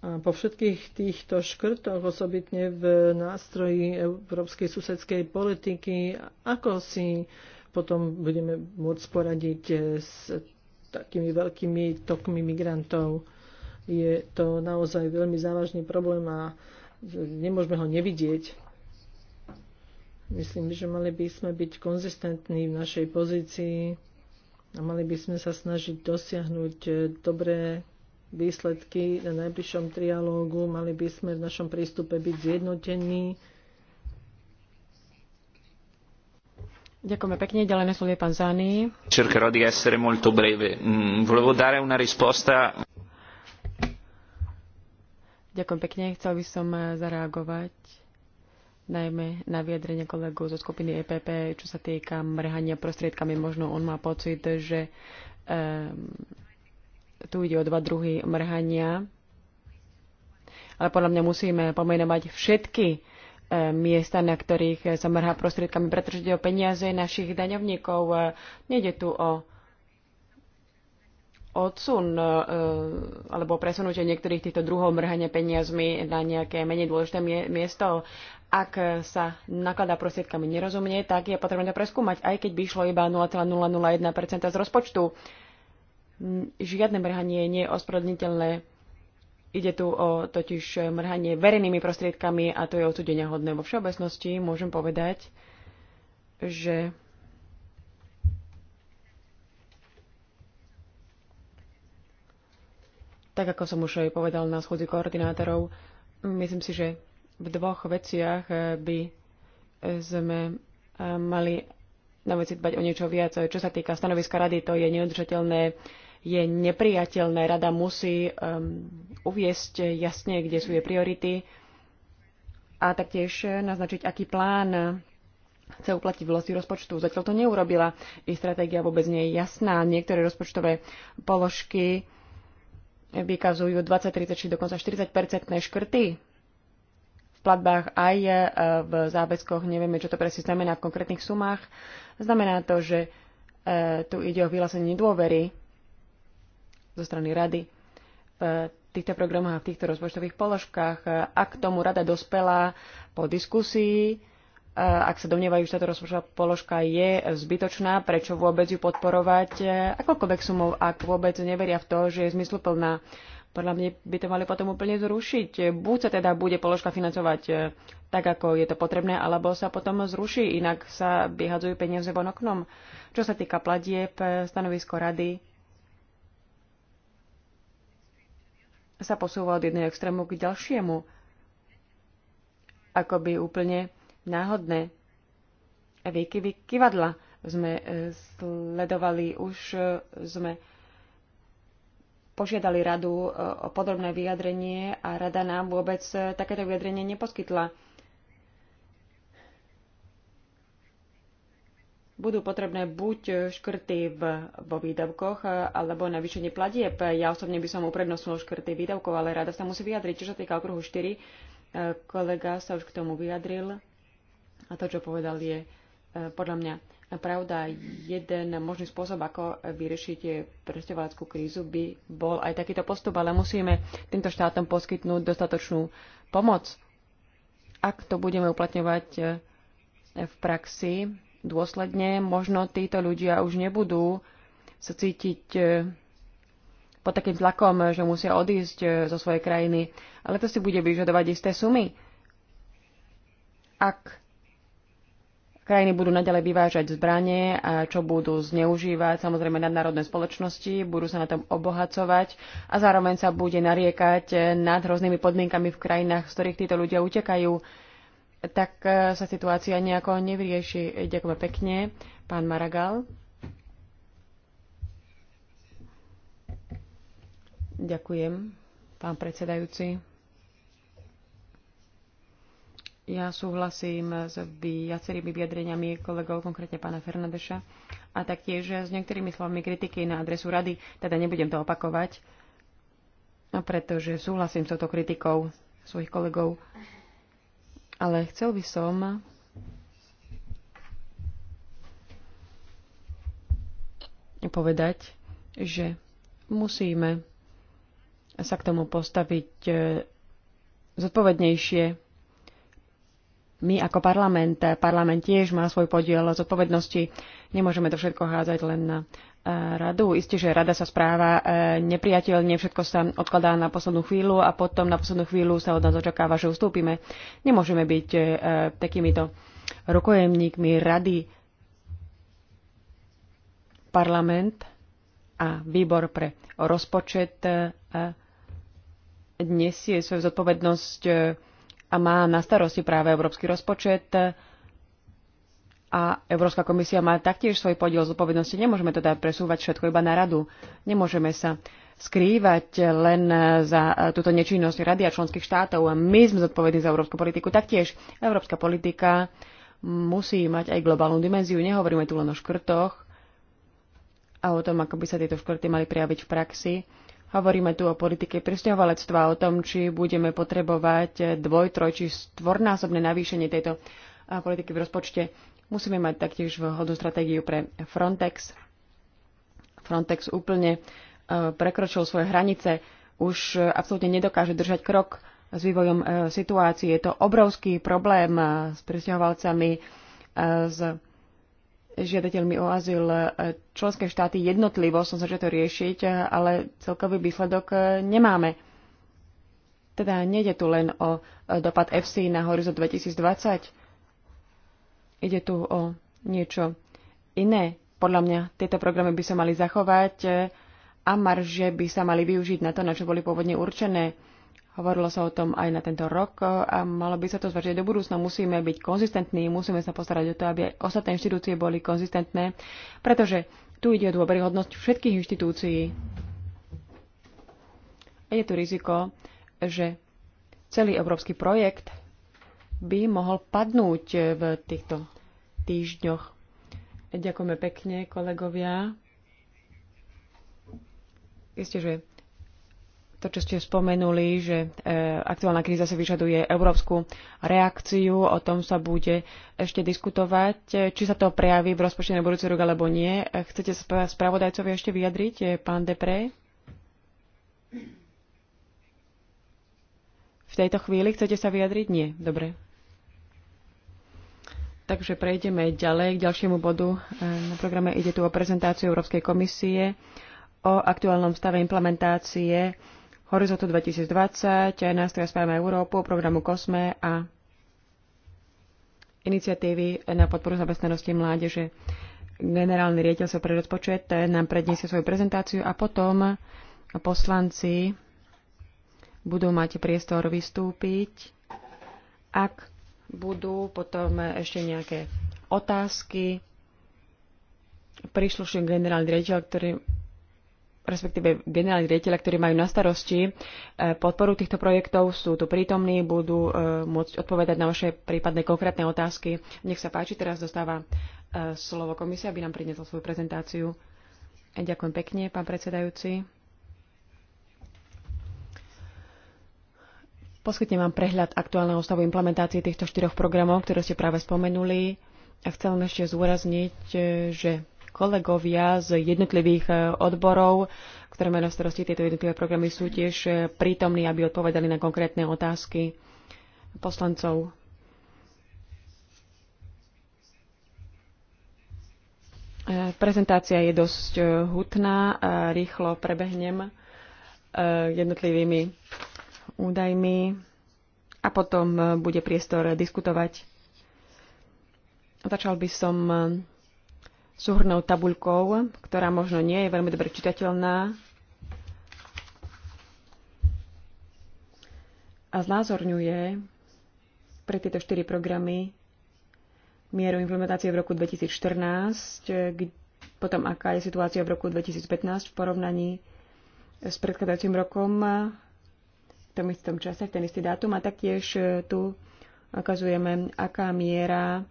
A po všetkých týchto škrtoch, osobitne v nástroji európskej susedskej politiky, ako si potom budeme môcť poradiť eh, s takými veľkými tokmi migrantov. Je to naozaj veľmi závažný problém a nemôžeme ho nevidieť. Myslím, že mali by sme byť konzistentní v našej pozícii a mali by sme sa snažiť dosiahnuť eh, dobré výsledky na najbližšom trialógu. Mali by sme v našom prístupe byť zjednotení Ďakujeme pekne, ďalej na slovie pán zani. Cercherò di essere molto breve. Mm, volevo dare una risposta... Ďakujem pekne, chcel by som eh, zareagovať najmä na vyjadrenie kolegu zo skupiny EPP, čo sa týka mrhania prostriedkami. Možno on má pocit, že um, tu ide o dva druhy mrhania, ale podľa mňa musíme pomenovať všetky miesta, na ktorých sa mrhá prostriedkami, pretože ide o peniaze našich daňovníkov. Nede tu o odsun e, alebo presunutie niektorých týchto druhov mrhania peniazmi na nejaké menej dôležité miesto. Ak sa nakladá prostriedkami nerozumne, tak je potrebné to preskúmať, aj keď by išlo iba 0,001 z rozpočtu. Žiadne mrhanie nie je ospravedlniteľné Ide tu o totiž mrhanie verejnými prostriedkami a to je odsudenia hodné. Vo všeobecnosti môžem povedať, že tak ako som už aj povedal na schôdzi koordinátorov, myslím si, že v dvoch veciach by sme eh, mali na veci dbať o niečo viac. Čo sa týka stanoviska rady, to je neudržateľné je nepriateľné. Rada musí um, uviesť jasne, kde sú jej priority a taktiež naznačiť, aký plán chce uplatiť vlasti rozpočtu. Zatiaľ to neurobila. Ich stratégia vôbec nie je jasná. Niektoré rozpočtové položky vykazujú 20, 30 či dokonca 40-percentné škrty v platbách aj e, v záväzkoch. Nevieme, čo to presne znamená v konkrétnych sumách. Znamená to, že e, tu ide o vyhlásenie nedôvery zo strany rady e, v týchto programoch a v týchto rozpočtových položkách. E, ak tomu rada dospela po diskusii, e, ak sa domnievajú, že táto rozpočtová položka je zbytočná, prečo vôbec ju podporovať, akokoľvek sumov, ak vôbec neveria v to, že je zmysluplná. Podľa mňa by to mali potom úplne zrušiť. Buď sa teda bude položka financovať tak, ako je to potrebné, alebo sa potom zruší, inak sa vyhadzujú peniaze von oknom. Čo sa týka platieb, stanovisko rady sa posúva od jedného extrému k ďalšiemu. Akoby úplne náhodné výkyvy kivadla sme e, sledovali, už e, sme požiadali radu e, o podrobné vyjadrenie a rada nám vôbec takéto vyjadrenie neposkytla. budú potrebné buď škrty v, vo výdavkoch eh, alebo navýšenie platieb. Ja osobne by som uprednostnil škrty výdavkov, ale rada sa musí vyjadriť. Čo sa týka okruhu 4, eh, kolega sa už k tomu vyjadril a to, čo povedal, je eh, podľa mňa pravda. Jeden možný spôsob, ako vyriešiť presťovalackú krízu, by bol aj takýto postup, ale musíme týmto štátom poskytnúť dostatočnú pomoc. Ak to budeme uplatňovať v praxi, dôsledne, možno títo ľudia už nebudú sa cítiť e, pod takým tlakom, že musia odísť e, zo svojej krajiny. Ale to si bude vyžadovať isté sumy. Ak krajiny budú naďalej vyvážať zbranie, a čo budú zneužívať, samozrejme nadnárodné spoločnosti, budú sa na tom obohacovať a zároveň sa bude nariekať e, nad hroznými podmienkami v krajinách, z ktorých títo ľudia utekajú tak e, sa situácia nejako nevyrieši. Ďakujem pekne, pán Maragal. Ďakujem, pán predsedajúci. Ja súhlasím s viacerými vyjadreniami kolegov, konkrétne pána Fernadeša, a taktiež s niektorými slovami kritiky na adresu rady, teda nebudem to opakovať, no, pretože súhlasím s touto kritikou svojich kolegov ale chcel by som povedať, že musíme sa k tomu postaviť e, zodpovednejšie. My ako parlament, parlament tiež má svoj podiel zodpovednosti Nemôžeme to všetko házať len na e, radu. Isté, že rada sa správa e, nepriateľne, všetko sa odkladá na poslednú chvíľu a potom na poslednú chvíľu sa od nás očakáva, že ustúpime. Nemôžeme byť e, takýmito rukojemníkmi rady. Parlament a výbor pre rozpočet Dnes je svoju zodpovednosť a má na starosti práve európsky rozpočet a Európska komisia má taktiež svoj podiel zodpovednosti. Nemôžeme teda presúvať všetko iba na radu. Nemôžeme sa skrývať len za túto nečinnosť rady a členských štátov. a My sme zodpovední za európsku politiku. Taktiež európska politika musí mať aj globálnu dimenziu. Nehovoríme tu len o škrtoch a o tom, ako by sa tieto škrty mali prijaviť v praxi. Hovoríme tu o politike prisťahovalectva, o tom, či budeme potrebovať dvoj, troj či stvornásobné navýšenie tejto politiky v rozpočte Musíme mať taktiež vhodnú stratégiu pre Frontex. Frontex úplne e, prekročil svoje hranice, už e, absolútne nedokáže držať krok s vývojom e, situácie. Je to obrovský problém s prisťahovalcami, s žiadateľmi o azyl členské štáty jednotlivo som začal to riešiť, ale celkový výsledok nemáme. Teda nejde tu len o dopad FC na horizont 2020. Ide tu o niečo iné. Podľa mňa tieto programy by sa mali zachovať e, a marže by sa mali využiť na to, na čo boli pôvodne určené. Hovorilo sa o tom aj na tento rok e, a malo by sa to zvažiť do budúcna. Musíme byť konzistentní, musíme sa postarať o to, aby aj ostatné inštitúcie boli konzistentné, pretože tu ide o dôveryhodnosť všetkých inštitúcií. A je tu riziko, že celý európsky projekt by mohol padnúť e, v týchto týždňoch. Ďakujeme pekne, kolegovia. Isté, že to, čo ste spomenuli, že e, aktuálna kríza sa vyžaduje európsku reakciu, o tom sa bude ešte diskutovať, e, či sa to prejaví v rozpočte na budúci rok alebo nie. Chcete sa spravodajcovi ešte vyjadriť, pán Depre? V tejto chvíli chcete sa vyjadriť? Nie. Dobre. Takže prejdeme ďalej k ďalšiemu bodu. Eh, na programe ide tu o prezentáciu Európskej komisie o aktuálnom stave implementácie Horizontu 2020, nástroja Spájame Európu, programu COSME a iniciatívy na podporu zamestnanosti mládeže. Generálny riaditeľ sa pre rozpočet eh, nám predniesie svoju prezentáciu a potom poslanci budú mať priestor vystúpiť. Ak budú potom ešte nejaké otázky. Príslušný generálny riaditeľ, ktorý respektíve generálni riaditeľa, ktorí majú na starosti e, podporu týchto projektov, sú tu prítomní, budú e, môcť odpovedať na vaše prípadné konkrétne otázky. Nech sa páči, teraz dostáva e, slovo komisia, aby nám priniesla svoju prezentáciu. Ďakujem pekne, pán predsedajúci. Poskytnem vám prehľad aktuálneho stavu implementácie týchto štyroch programov, ktoré ste práve spomenuli. A chcem ešte zúrazniť, e, že kolegovia z jednotlivých e, odborov, ktoré majú na starosti tieto jednotlivé programy, sú tiež e, prítomní, aby odpovedali na konkrétne otázky poslancov. Prezentácia je dosť hutná, rýchlo prebehnem jednotlivými údajmi a potom e, bude priestor diskutovať. Začal by som e, súhrnou tabuľkou, ktorá možno nie je veľmi dobre čitateľná a znázorňuje pre tieto štyri programy mieru implementácie v roku 2014, e, potom aká je situácia v roku 2015 v porovnaní s predchádzajúcim rokom tom istom čase, v ten istý dátum a taktiež e, tu ukazujeme, aká miera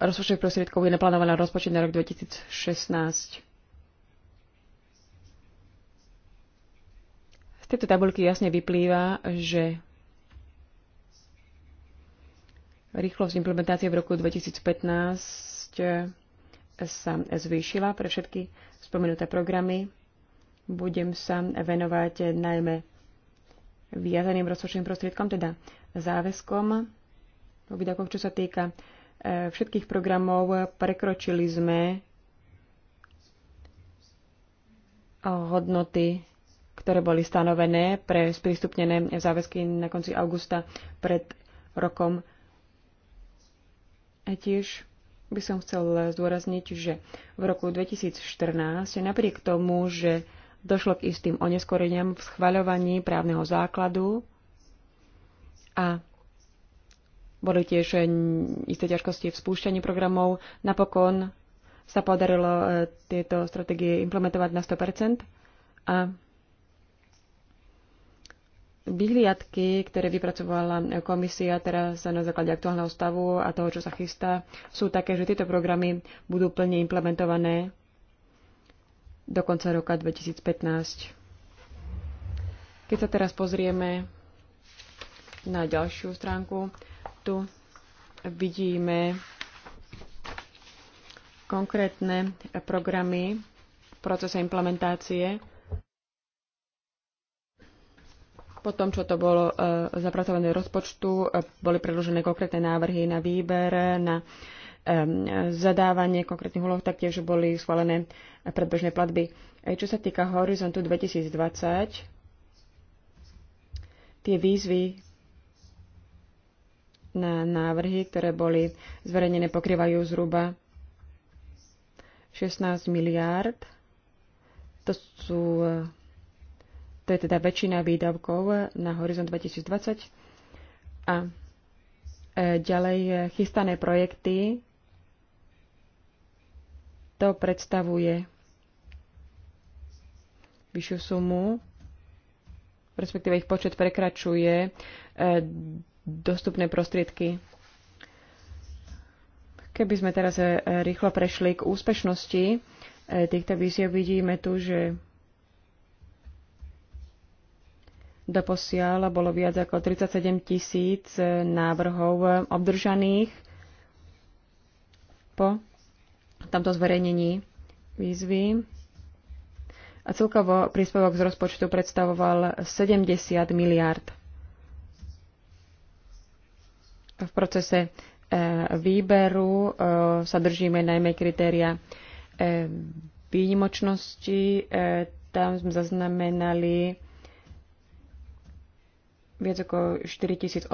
rozpočtových prostriedkov je naplánovaná rozpočet na rok 2016. Z tejto tabulky jasne vyplýva, že rýchlosť implementácie v roku 2015 e, sa zvýšila pre všetky spomenuté programy budem sa venovať najmä viazaným rozpočtovým prostriedkom, teda záväzkom o výdavkoch, čo sa týka e, všetkých programov, prekročili sme hodnoty, ktoré boli stanovené pre sprístupnené záväzky na konci augusta pred rokom. A tiež by som chcel zdôrazniť, že v roku 2014, napriek tomu, že došlo k istým oneskoreniam v schvaľovaní právneho základu a boli tiež isté ťažkosti v spúšťaní programov. Napokon sa podarilo e, tieto stratégie implementovať na 100% a vyhliadky, ktoré vypracovala komisia teraz na základe aktuálneho stavu a toho, čo sa chystá, sú také, že tieto programy budú plne implementované do konca roka 2015. Keď sa teraz pozrieme na ďalšiu stránku, tu vidíme konkrétne programy v procese implementácie po tom, čo to bolo e, zapracované rozpočtu, e, boli predložené konkrétne návrhy na výber, na zadávanie konkrétnych úloh, taktiež boli schválené predbežné platby. Čo sa týka horizontu 2020, tie výzvy na návrhy, ktoré boli zverejnené, pokrývajú zhruba 16 miliárd. To sú e, to je teda väčšina výdavkov na horizont 2020. A e, ďalej e, chystané projekty to predstavuje vyššiu sumu, respektíve ich počet prekračuje e, dostupné prostriedky. Keby sme teraz e, rýchlo prešli k úspešnosti e, týchto víziev, vidíme tu, že doposiaľ bolo viac ako 37 tisíc návrhov obdržaných po v tomto zverejnení výzvy. A celkovo príspevok z rozpočtu predstavoval 70 miliard. V procese e, výberu e, sa držíme najmä kritéria e, výnimočnosti. Tam sme zaznamenali viac ako 4800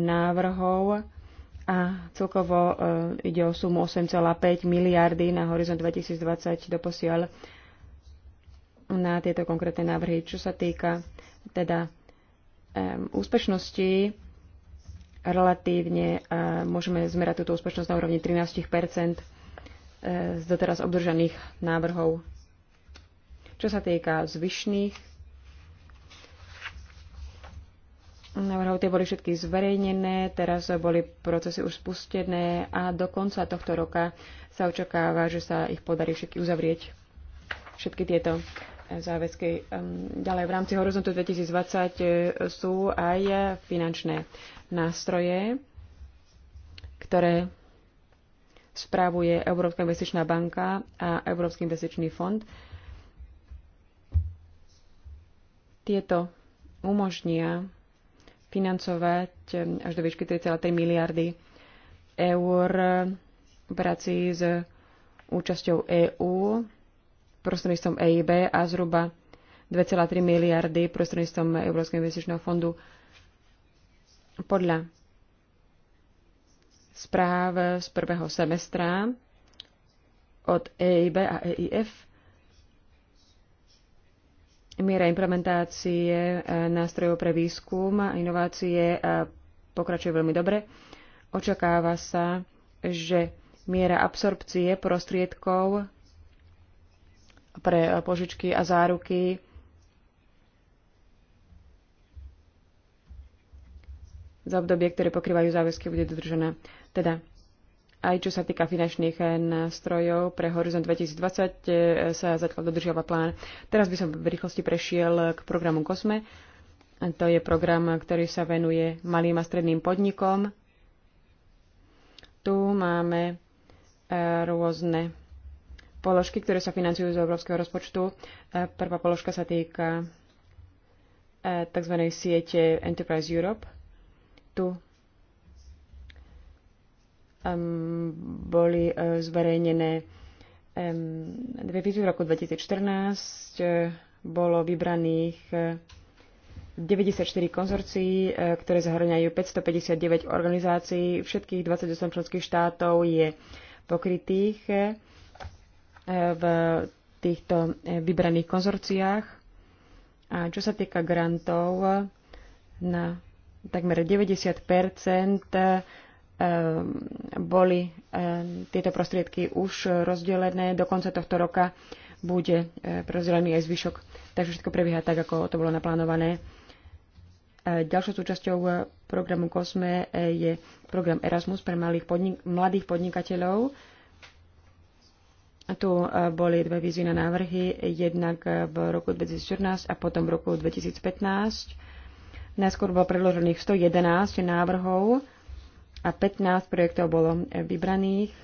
návrhov a celkovo e, ide o sumu 8,5 miliardy na horizont 2020 do posiaľ na tieto konkrétne návrhy. Čo sa týka teda um, úspešnosti, relatívne uh, môžeme zmerať túto úspešnosť na úrovni 13 e, z doteraz obdržaných návrhov. Čo sa týka zvyšných Navrhov tie boli všetky zverejnené, teraz boli procesy už spustené a do konca tohto roka sa očakáva, že sa ich podarí všetky uzavrieť. Všetky tieto eh, záväzky. Ehm, ďalej v rámci Horizontu 2020 eh, sú aj finančné nástroje, ktoré správuje Európska investičná banka a Európsky investičný fond. Tieto umožnia financovať až do výšky 3,3 miliardy eur v práci s účasťou EÚ prostredníctvom EIB a zhruba 2,3 miliardy prostredníctvom Európskeho investičného fondu. Podľa správ z prvého semestra od EIB a EIF miera implementácie e, nástrojov pre výskum a inovácie e, pokračuje veľmi dobre. Očakáva sa, že miera absorpcie prostriedkov pre e, požičky a záruky za obdobie, ktoré pokrývajú záväzky, bude dodržená. Teda aj čo sa týka finančných eh, nástrojov pre Horizon 2020 eh, sa zatiaľ dodržiava plán. Teraz by som v rýchlosti prešiel k programu COSME. To je program, ktorý sa venuje malým a stredným podnikom. Tu máme eh, rôzne položky, ktoré sa financujú z európskeho rozpočtu. Prvá položka sa týka tzv. siete Enterprise Europe. Tu boli e, zverejnené dve výzvy v roku 2014. E, bolo vybraných 94 e, konzorcií, ktoré zahrňajú 559 organizácií. Všetkých 28 členských štátov je pokrytých v týchto vybraných konzorciách. A čo sa týka grantov, na takmer 90 Ehm, boli ehm, tieto prostriedky už rozdelené. Do konca tohto roka bude eh, rozdelený aj zvyšok. Takže všetko prebieha tak, ako to bolo naplánované. Eh, ďalšou súčasťou eh, programu COSME je program Erasmus pre malých podnik- mladých podnikateľov. Tu boli dve výzvy na návrhy, jednak v roku 2014 a potom v roku 2015. Najskôr bolo predložených 111 návrhov a 15 projektov bolo vybraných.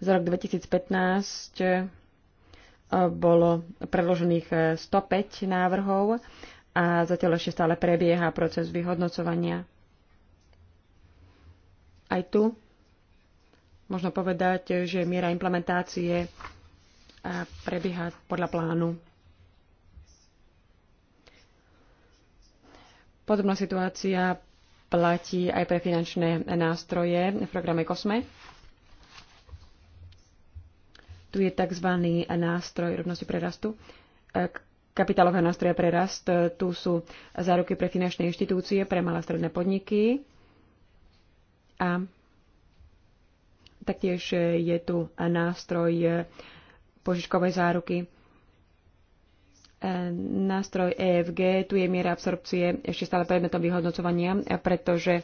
Z rok 2015 e, bolo predložených 105 e, návrhov a zatiaľ ešte stále prebieha proces vyhodnocovania. Aj tu možno povedať, že miera implementácie e, prebieha podľa plánu. Podobná situácia platí aj pre finančné nástroje v programe COSME. Tu je tzv. nástroj rovnosti prerastu. Kapitálové nástroje pre rast, tu sú záruky pre finančné inštitúcie, pre malé stredné podniky. A taktiež je tu nástroj požičkovej záruky nástroj EFG, tu je miera absorpcie ešte stále predmetom vyhodnocovania, pretože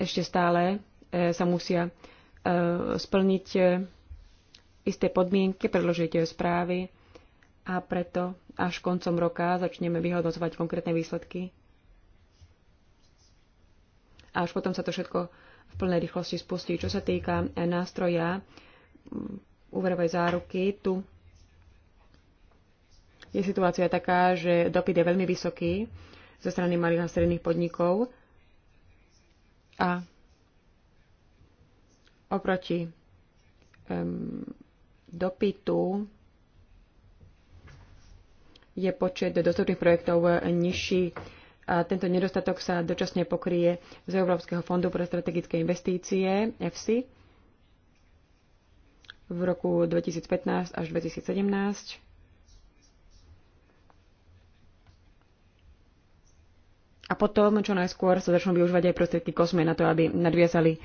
ešte stále e, sa musia e, splniť e, isté podmienky, predložiť správy a preto až koncom roka začneme vyhodnocovať konkrétne výsledky. A až potom sa to všetko v plnej rýchlosti spustí. Čo sa týka nástroja úverovej záruky, tu je situácia taká, že dopyt je veľmi vysoký zo strany malých a stredných podnikov a oproti um, dopytu je počet dostupných projektov nižší a tento nedostatok sa dočasne pokrie z Európskeho fondu pre strategické investície EFSI v roku 2015 až 2017 a potom čo najskôr sa začnú využívať aj prostriedky kosme na to, aby nadviazali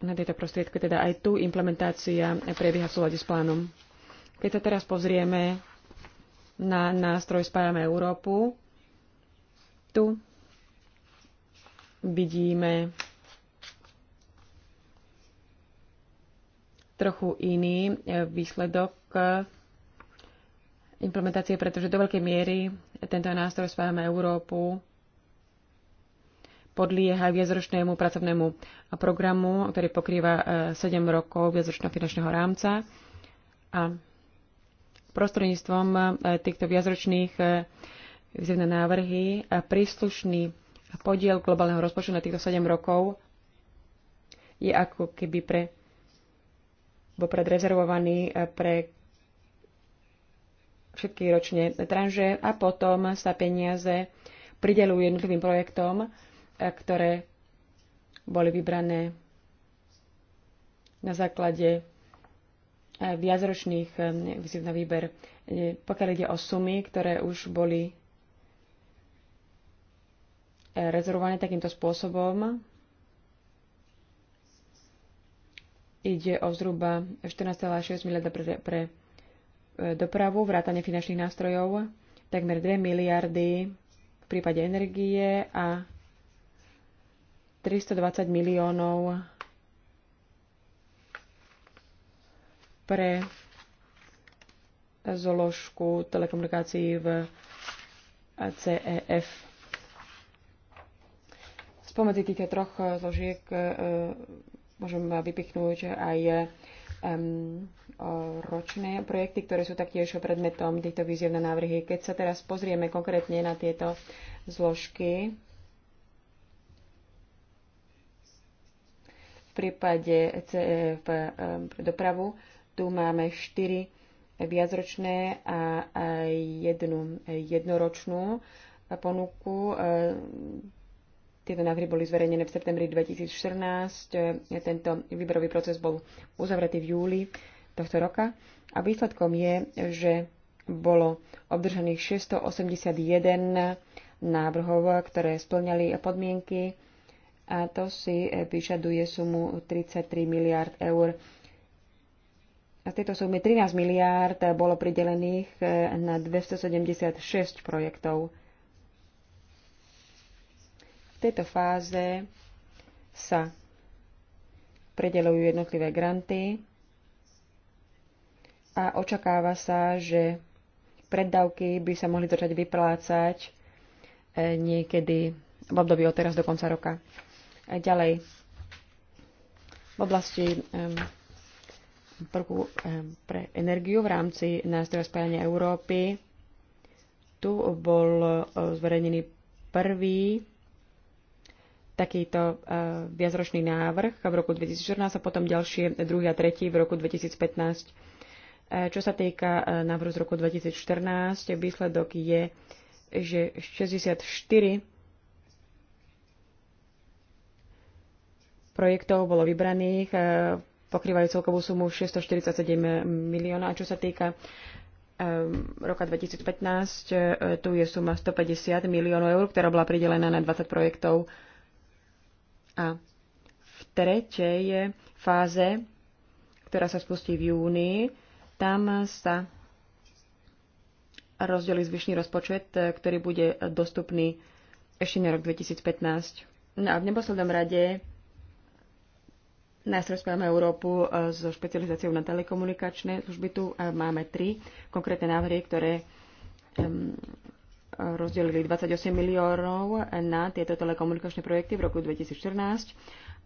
na tieto prostriedky. Teda aj tu implementácia prebieha v súlade s plánom. Keď sa teraz pozrieme na nástroj Spájame Európu, tu vidíme trochu iný eh, výsledok eh, implementácie, pretože do veľkej miery tento nástroj Spájame Európu podlieha viacročnému pracovnému programu, ktorý pokrýva 7 e, rokov viacročného finančného rámca. A prostredníctvom e, týchto viacročných e, výzivné návrhy a príslušný podiel globálneho rozpočtu na týchto 7 rokov je ako keby pre vopred predrezervovaný pre všetky ročné tranže a potom sa peniaze pridelujú jednotlivým projektom, ktoré boli vybrané na základe e, viacročných e, výziev na výber. E, pokiaľ ide o sumy, ktoré už boli rezervované takýmto spôsobom, ide o zhruba 14,6 miliarda pre, pre dopravu, vrátane finančných nástrojov, takmer 2 miliardy v prípade energie a 320 miliónov pre zoložku telekomunikácií v CEF. Spomedzi týchto troch zložiek e, môžem vypichnúť aj e, ročné projekty, ktoré sú taktiež predmetom týchto výziev na návrhy. Keď sa teraz pozrieme konkrétne na tieto zložky, prípade CEF eh, pre eh, dopravu tu máme 4 viacročné a jednu eh, jednoročnú ponuku. Tieto návrhy boli zverejnené v septembri 2014. Tento výberový proces bol uzavretý v júli tohto roka a výsledkom je, že bolo obdržaných 681 návrhov, ktoré splňali podmienky a to si e, vyžaduje sumu 33 miliard eur. A z tejto sumy 13 miliárd bolo pridelených e, na 276 projektov. V tejto fáze sa predelujú jednotlivé granty a očakáva sa, že preddavky by sa mohli začať vyplácať e, niekedy v období od teraz do konca roka. Ďalej, v oblasti prvku pre energiu v rámci nástroja spájania Európy. Tu bol e, zverejnený prvý takýto e, viacročný návrh v roku 2014 a potom ďalšie druhý a tretí v roku 2015. E, čo sa týka návrhu z roku 2014, výsledok je, že 64 projektov bolo vybraných, e, pokrývajú celkovú sumu 647 milióna. A čo sa týka e, roka 2015, e, tu je suma 150 miliónov eur, ktorá bola pridelená na 20 projektov. A v tretej fáze, ktorá sa spustí v júni, tam sa rozdeli zvyšný rozpočet, ktorý bude dostupný ešte na rok 2015. No a v neposlednom rade Nástroj Spáme Európu e, so špecializáciou na telekomunikačné služby. Tu e, máme tri konkrétne návrhy, ktoré rozdelili 28 miliónov na tieto telekomunikačné projekty v roku 2014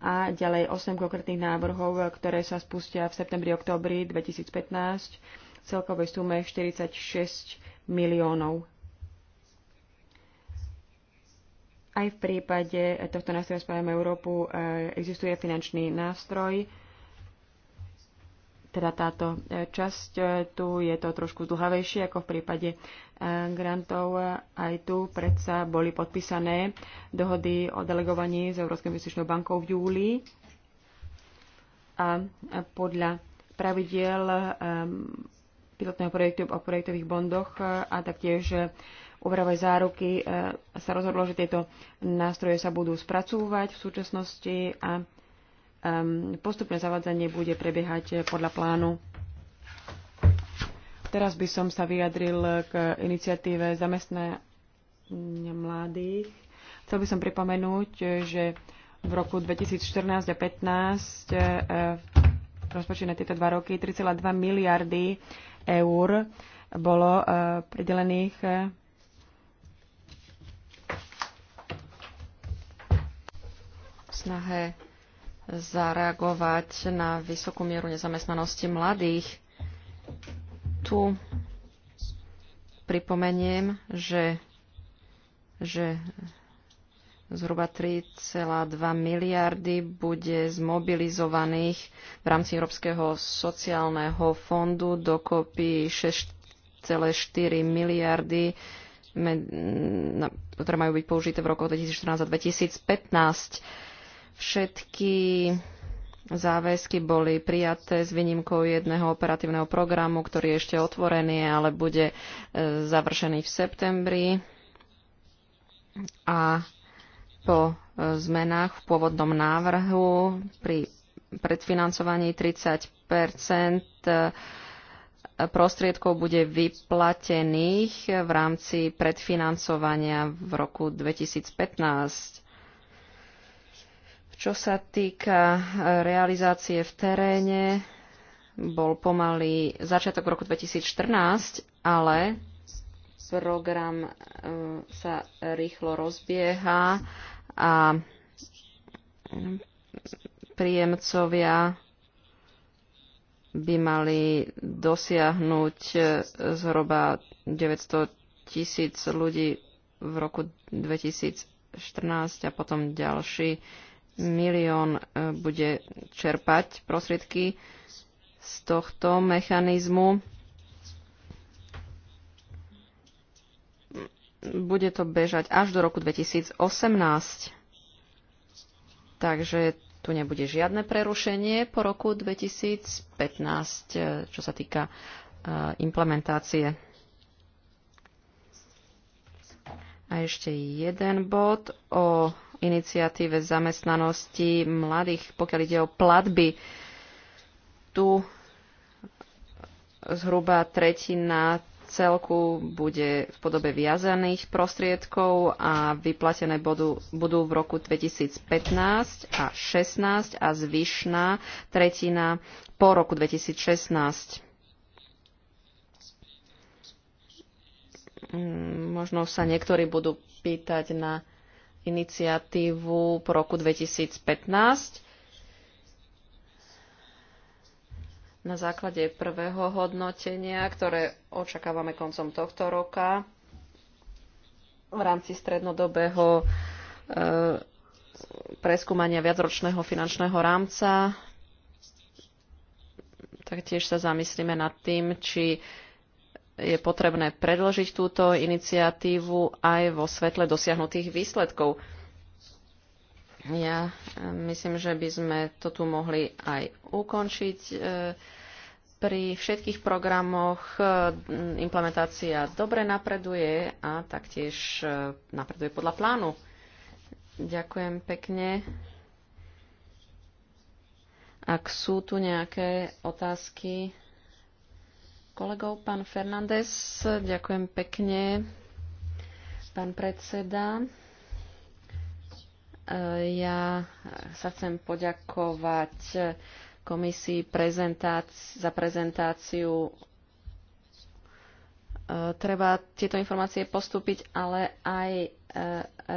a ďalej 8 konkrétnych návrhov, ktoré sa spustia v septembri, oktobri 2015 v celkovej sume 46 miliónov Aj v prípade tohto nástroja Spájame Európu e, existuje finančný nástroj, teda táto e, časť. E, tu je to trošku zdlhavejšie ako v prípade grantov. Aj tu predsa boli podpísané dohody o delegovaní s Európskou investičnou bankou v júli. A podľa pravidiel pilotného projektu o projektových bondoch a taktiež úverové záruky e, sa rozhodlo, že tieto nástroje sa budú spracúvať v súčasnosti a postupné zavadzanie bude prebiehať podľa plánu. Teraz by som sa vyjadril k iniciatíve zamestnania mladých. Chcel by som pripomenúť, že v roku 2014 a 2015 v e, na tieto dva roky 3,2 miliardy eur bolo e, pridelených snahe zareagovať na vysokú mieru nezamestnanosti mladých. Tu pripomeniem, že, že zhruba 3,2 miliardy bude zmobilizovaných v rámci Európskeho sociálneho fondu, dokopy 6,4 miliardy, ktoré majú byť použité v roku 2014 a 2015 Všetky záväzky boli prijaté s výnimkou jedného operatívneho programu, ktorý je ešte otvorený, ale bude e, završený v septembri. A po e, zmenách v pôvodnom návrhu pri predfinancovaní 30 e, prostriedkov bude vyplatených v rámci predfinancovania v roku 2015 čo sa týka e, realizácie v teréne, bol pomalý začiatok roku 2014, ale program e, sa rýchlo rozbieha a príjemcovia by mali dosiahnuť e, zhruba 900 tisíc ľudí v roku 2014 a potom ďalší milión e, bude čerpať prostriedky z tohto mechanizmu. Bude to bežať až do roku 2018. Takže tu nebude žiadne prerušenie po roku 2015, e, čo sa týka e, implementácie. A ešte jeden bod o iniciatíve zamestnanosti mladých, pokiaľ ide o platby. Tu zhruba tretina celku bude v podobe viazaných prostriedkov a vyplatené budú, budú v roku 2015 a 16 a zvyšná tretina po roku 2016. Mm, možno sa niektorí budú pýtať na iniciatívu po roku 2015 na základe prvého hodnotenia, ktoré očakávame koncom tohto roka v rámci strednodobého eh, preskúmania viacročného finančného rámca. Taktiež sa zamyslíme nad tým, či je potrebné predložiť túto iniciatívu aj vo svetle dosiahnutých výsledkov. Ja eh, myslím, že by sme to tu mohli aj ukončiť. Eh, pri všetkých programoch eh, implementácia dobre napreduje a taktiež napreduje podľa plánu. Ďakujem pekne. Ak sú tu nejaké otázky, kolegov. Pán Fernández, ďakujem pekne. Pán predseda, ja sa chcem poďakovať komisii prezentáci- za prezentáciu. Treba tieto informácie postúpiť, ale aj e,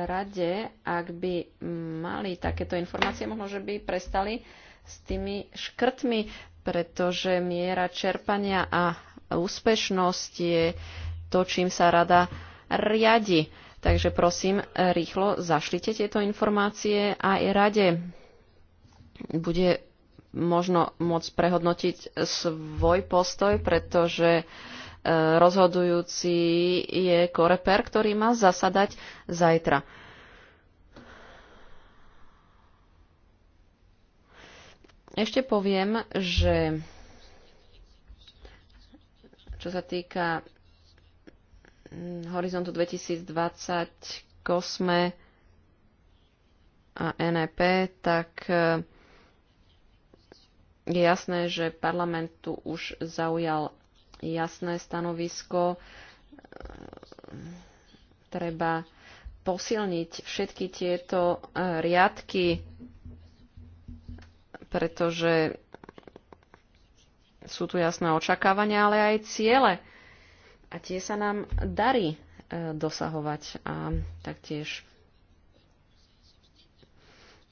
rade, ak by mali takéto informácie, možno, že by prestali s tými škrtmi, pretože miera čerpania a úspešnosť je to, čím sa rada riadi. Takže prosím, rýchlo zašlite tieto informácie a aj rade. Bude možno môcť prehodnotiť svoj postoj, pretože e, rozhodujúci je koreper, ktorý má zasadať zajtra. Ešte poviem, že čo sa týka mm, Horizontu 2020, Kosme a NEP, tak e, je jasné, že parlament tu už zaujal jasné stanovisko. E, treba posilniť všetky tieto e, riadky, pretože sú tu jasné očakávania, ale aj ciele. A tie sa nám darí e, dosahovať. A taktiež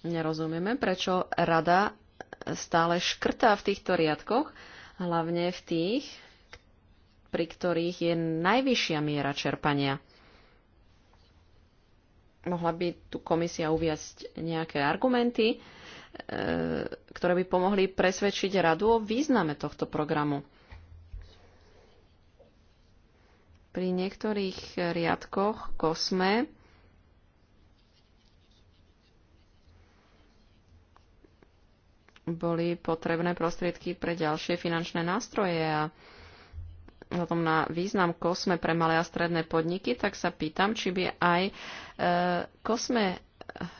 nerozumieme, prečo rada stále škrtá v týchto riadkoch, hlavne v tých, pri ktorých je najvyššia miera čerpania. Mohla by tu komisia uviazť nejaké argumenty, E, ktoré by pomohli presvedčiť radu o význame tohto programu. Pri niektorých riadkoch kosme boli potrebné prostriedky pre ďalšie finančné nástroje a potom na význam kosme pre malé a stredné podniky, tak sa pýtam, či by aj e, kosme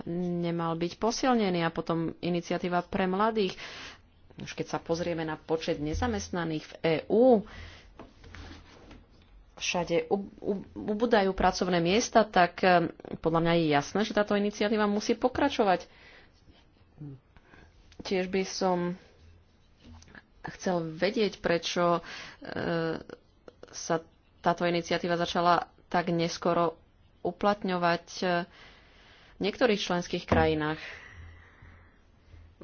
nemal byť posilnený a potom iniciatíva pre mladých. Už keď sa pozrieme na počet nezamestnaných v EÚ, všade ubudajú pracovné miesta, tak eh, podľa mňa je jasné, že táto iniciatíva musí pokračovať. Tiež by som chcel vedieť, prečo eh, sa táto iniciatíva začala tak neskoro uplatňovať eh, v niektorých členských krajinách.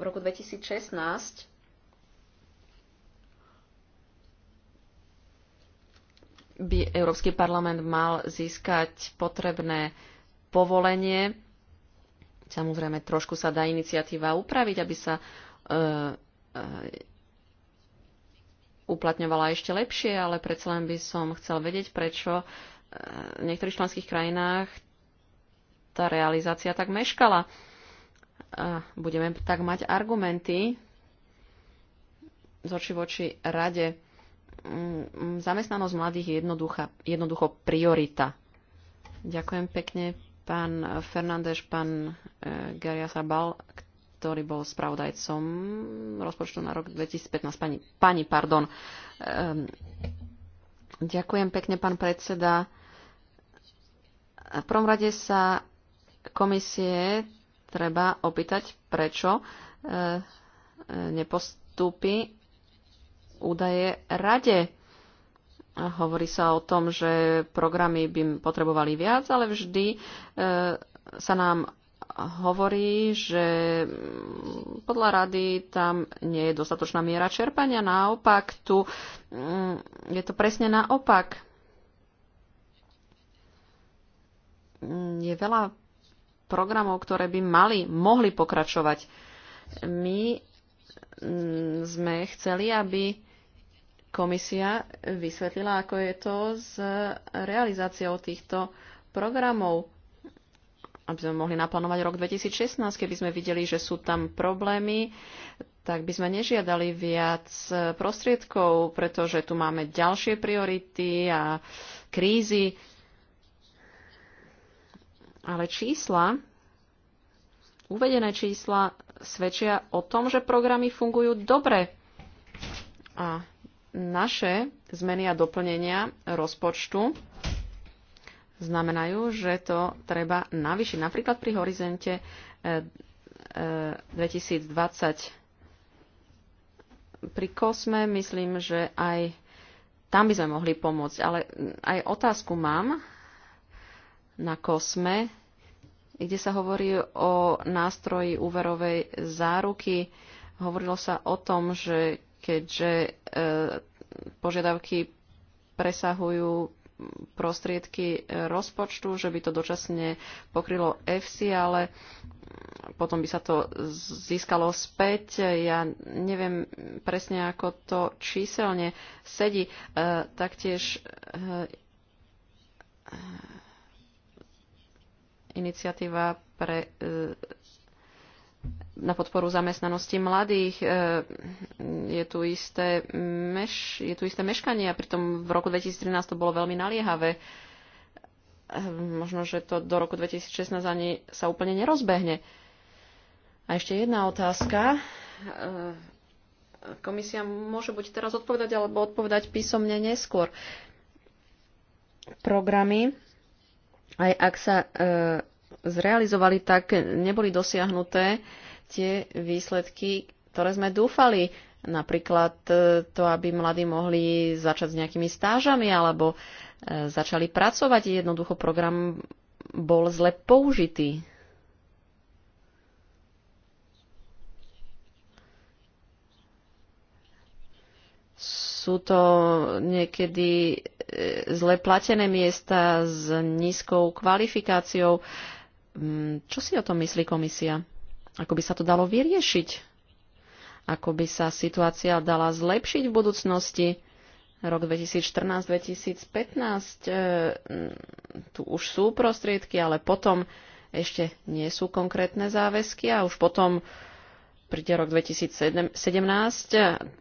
V roku 2016 by Európsky parlament mal získať potrebné povolenie. Samozrejme, trošku sa dá iniciatíva upraviť, aby sa e, e, uplatňovala ešte lepšie, ale predsa len by som chcel vedieť, prečo e, v niektorých členských krajinách tá realizácia tak meškala. A budeme tak mať argumenty z oči voči rade. Mm, zamestnanosť mladých je jednoduchá, jednoducho priorita. Ďakujem pekne pán Fernández, pán e, Garia Sabal, ktorý bol spravodajcom rozpočtu na rok 2015. Pani, pani pardon. Ehm, ďakujem pekne, pán predseda. V prvom rade sa komisie treba opýtať, prečo e, e, nepostúpi údaje rade. Hovorí sa o tom, že programy by potrebovali viac, ale vždy e, sa nám hovorí, že mm, podľa rady tam nie je dostatočná miera čerpania. Naopak, tu mm, je to presne naopak. Mm, je veľa programov, ktoré by mali, mohli pokračovať. My mm, sme chceli, aby komisia vysvetlila, ako je to s realizáciou týchto programov, aby sme mohli naplánovať rok 2016, keby sme videli, že sú tam problémy, tak by sme nežiadali viac prostriedkov, pretože tu máme ďalšie priority a krízy. Ale čísla, uvedené čísla svedčia o tom, že programy fungujú dobre. A naše zmeny a doplnenia rozpočtu znamenajú, že to treba navýšiť. Napríklad pri horizonte 2020 eh, eh, pri kosme myslím, že aj tam by sme mohli pomôcť. Ale aj otázku mám na kosme kde sa hovorí o nástroji úverovej záruky. Hovorilo sa o tom, že keďže e, požiadavky presahujú prostriedky rozpočtu, že by to dočasne pokrylo EFSI, ale potom by sa to získalo späť. Ja neviem presne, ako to číselne sedí. E, taktiež e, iniciatíva pre, e, na podporu zamestnanosti mladých. E, je tu, isté meš, je tu isté meškanie a pritom v roku 2013 to bolo veľmi naliehavé. E, možno, že to do roku 2016 ani sa úplne nerozbehne. A ešte jedna otázka. Komisia môže buď teraz odpovedať, alebo odpovedať písomne neskôr. Programy aj ak sa e, zrealizovali, tak neboli dosiahnuté tie výsledky, ktoré sme dúfali. Napríklad e, to, aby mladí mohli začať s nejakými stážami alebo e, začali pracovať. Jednoducho program bol zle použitý. sú to niekedy e, zle platené miesta s nízkou kvalifikáciou. Mm, čo si o tom myslí komisia? Ako by sa to dalo vyriešiť? Ako by sa situácia dala zlepšiť v budúcnosti? Rok 2014-2015, e, mm, tu už sú prostriedky, ale potom ešte nie sú konkrétne záväzky a už potom príde rok 2017.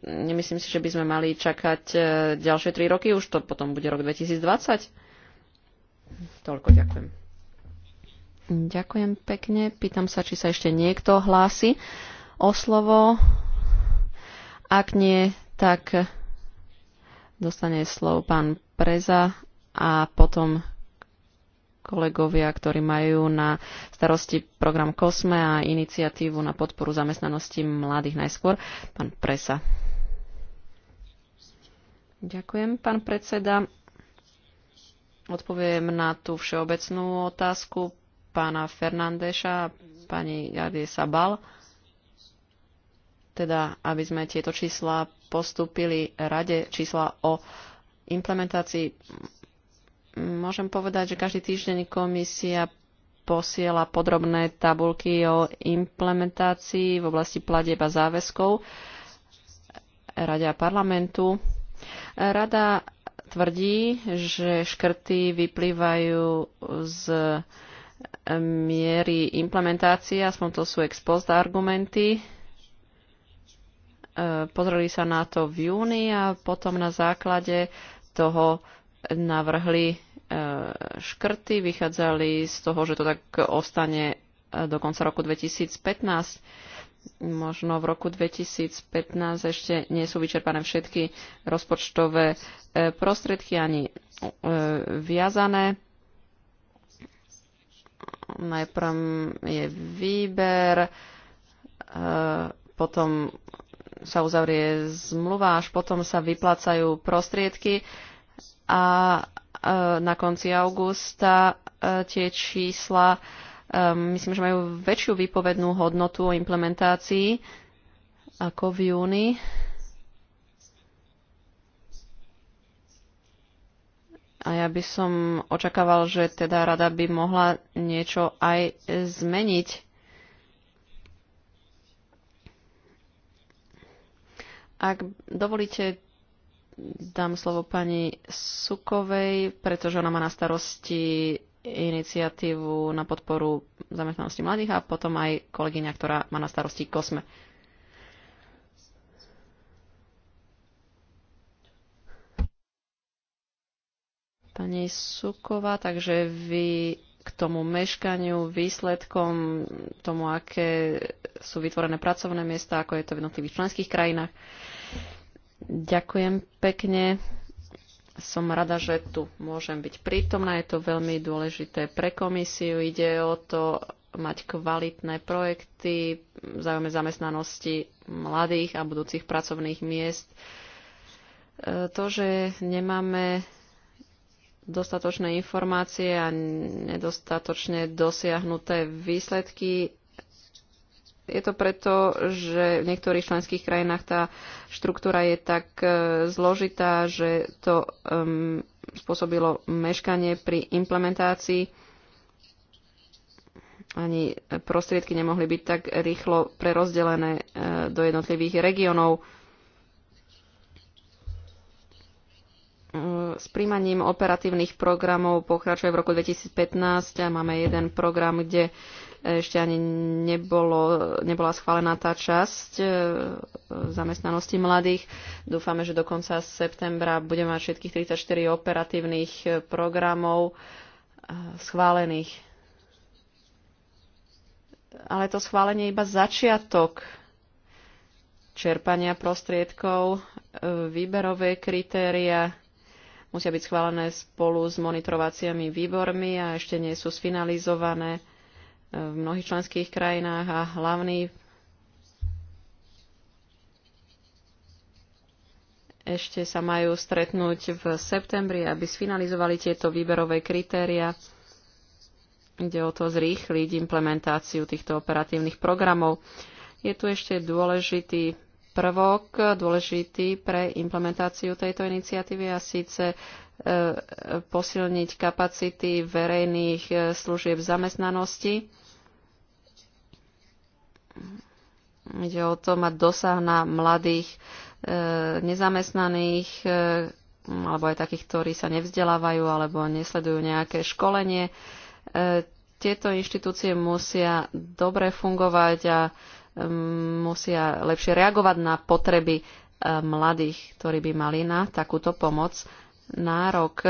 Nemyslím si, že by sme mali čakať e, ďalšie 3 roky, už to potom bude rok 2020. Toľko ďakujem. Ďakujem pekne. Pýtam sa, či sa ešte niekto hlási o slovo. Ak nie, tak dostane slovo pán Preza a potom kolegovia, ktorí majú na starosti program COSME a iniciatívu na podporu zamestnanosti mladých najskôr. Pán Presa. Ďakujem, pán predseda. Odpoviem na tú všeobecnú otázku pána Fernandeša a pani Jardie Sabal. Teda, aby sme tieto čísla postúpili rade, čísla o implementácii Môžem povedať, že každý týždeň komisia posiela podrobné tabulky o implementácii v oblasti platieb a záväzkov Rade a parlamentu. Rada tvrdí, že škrty vyplývajú z miery implementácie, aspoň to sú ex post argumenty. E, pozreli sa na to v júni a potom na základe toho navrhli e, škrty, vychádzali z toho, že to tak ostane e, do konca roku 2015. Možno v roku 2015 ešte nie sú vyčerpané všetky rozpočtové e, prostriedky ani viazané. Najprv je výber, potom sa uzavrie zmluva, až potom sa vyplácajú prostriedky a e, na konci augusta e, tie čísla e, myslím, že majú väčšiu výpovednú hodnotu o implementácii ako v júni. A ja by som očakával, že teda rada by mohla niečo aj zmeniť. Ak dovolíte, dám slovo pani Sukovej, pretože ona má na starosti iniciatívu na podporu zamestnanosti mladých a potom aj kolegyňa, ktorá má na starosti kosme. Pani Suková, takže vy k tomu meškaniu, výsledkom tomu, aké sú vytvorené pracovné miesta, ako je to v jednotlivých členských krajinách. Uh, Ďakujem pekne. Som rada, že tu môžem byť prítomná. Je to veľmi dôležité pre komisiu. Ide o to mať kvalitné projekty v záujme zamestnanosti mladých a budúcich pracovných miest. E, to, že nemáme dostatočné informácie a nedostatočne dosiahnuté výsledky je to preto, že v niektorých členských krajinách tá štruktúra je tak e, zložitá, že to um, spôsobilo meškanie pri implementácii. Ani prostriedky nemohli byť tak rýchlo prerozdelené e, do jednotlivých regiónov. E, s príjmaním operatívnych programov pokračuje v roku 2015 a máme jeden program, kde ešte ani nebolo, nebola schválená tá časť e, zamestnanosti mladých. Dúfame, že do konca septembra budeme mať všetkých 34 operatívnych e, programov e, schválených. Ale to schválenie je iba začiatok čerpania prostriedkov, výberové kritéria musia byť schválené spolu s monitorovaciami výbormi a ešte nie sú sfinalizované v mnohých členských krajinách a hlavný ešte sa majú stretnúť v septembri, aby sfinalizovali tieto výberové kritéria. Ide o to zrýchliť implementáciu týchto operatívnych programov. Je tu ešte dôležitý prvok, dôležitý pre implementáciu tejto iniciatívy a síce e, posilniť kapacity verejných e, služieb zamestnanosti Ide o to mať dosah na mladých e, nezamestnaných, e, alebo aj takých, ktorí sa nevzdelávajú alebo nesledujú nejaké školenie. E, tieto inštitúcie musia dobre fungovať a e, musia lepšie reagovať na potreby e, mladých, ktorí by mali na takúto pomoc nárok. E,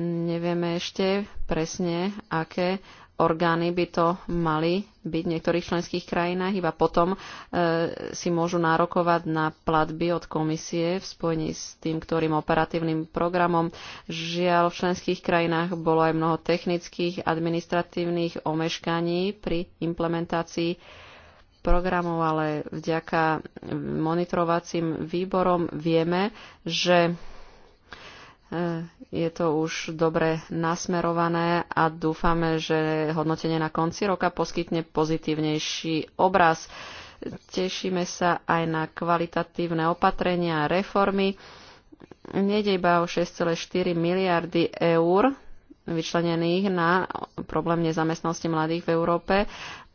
nevieme ešte presne, aké orgány by to mali byť v niektorých členských krajinách, iba potom e, si môžu nárokovať na platby od komisie v spojení s tým, ktorým operatívnym programom. Žiaľ, v členských krajinách bolo aj mnoho technických, administratívnych omeškaní pri implementácii programov, ale vďaka monitorovacím výborom vieme, že Eh, je to už dobre nasmerované a dúfame, že hodnotenie na konci roka poskytne pozitívnejší obraz. Tešíme sa aj na kvalitatívne opatrenia a reformy. Nejde iba o 6,4 miliardy eur vyčlenených na problém nezamestnosti mladých v Európe,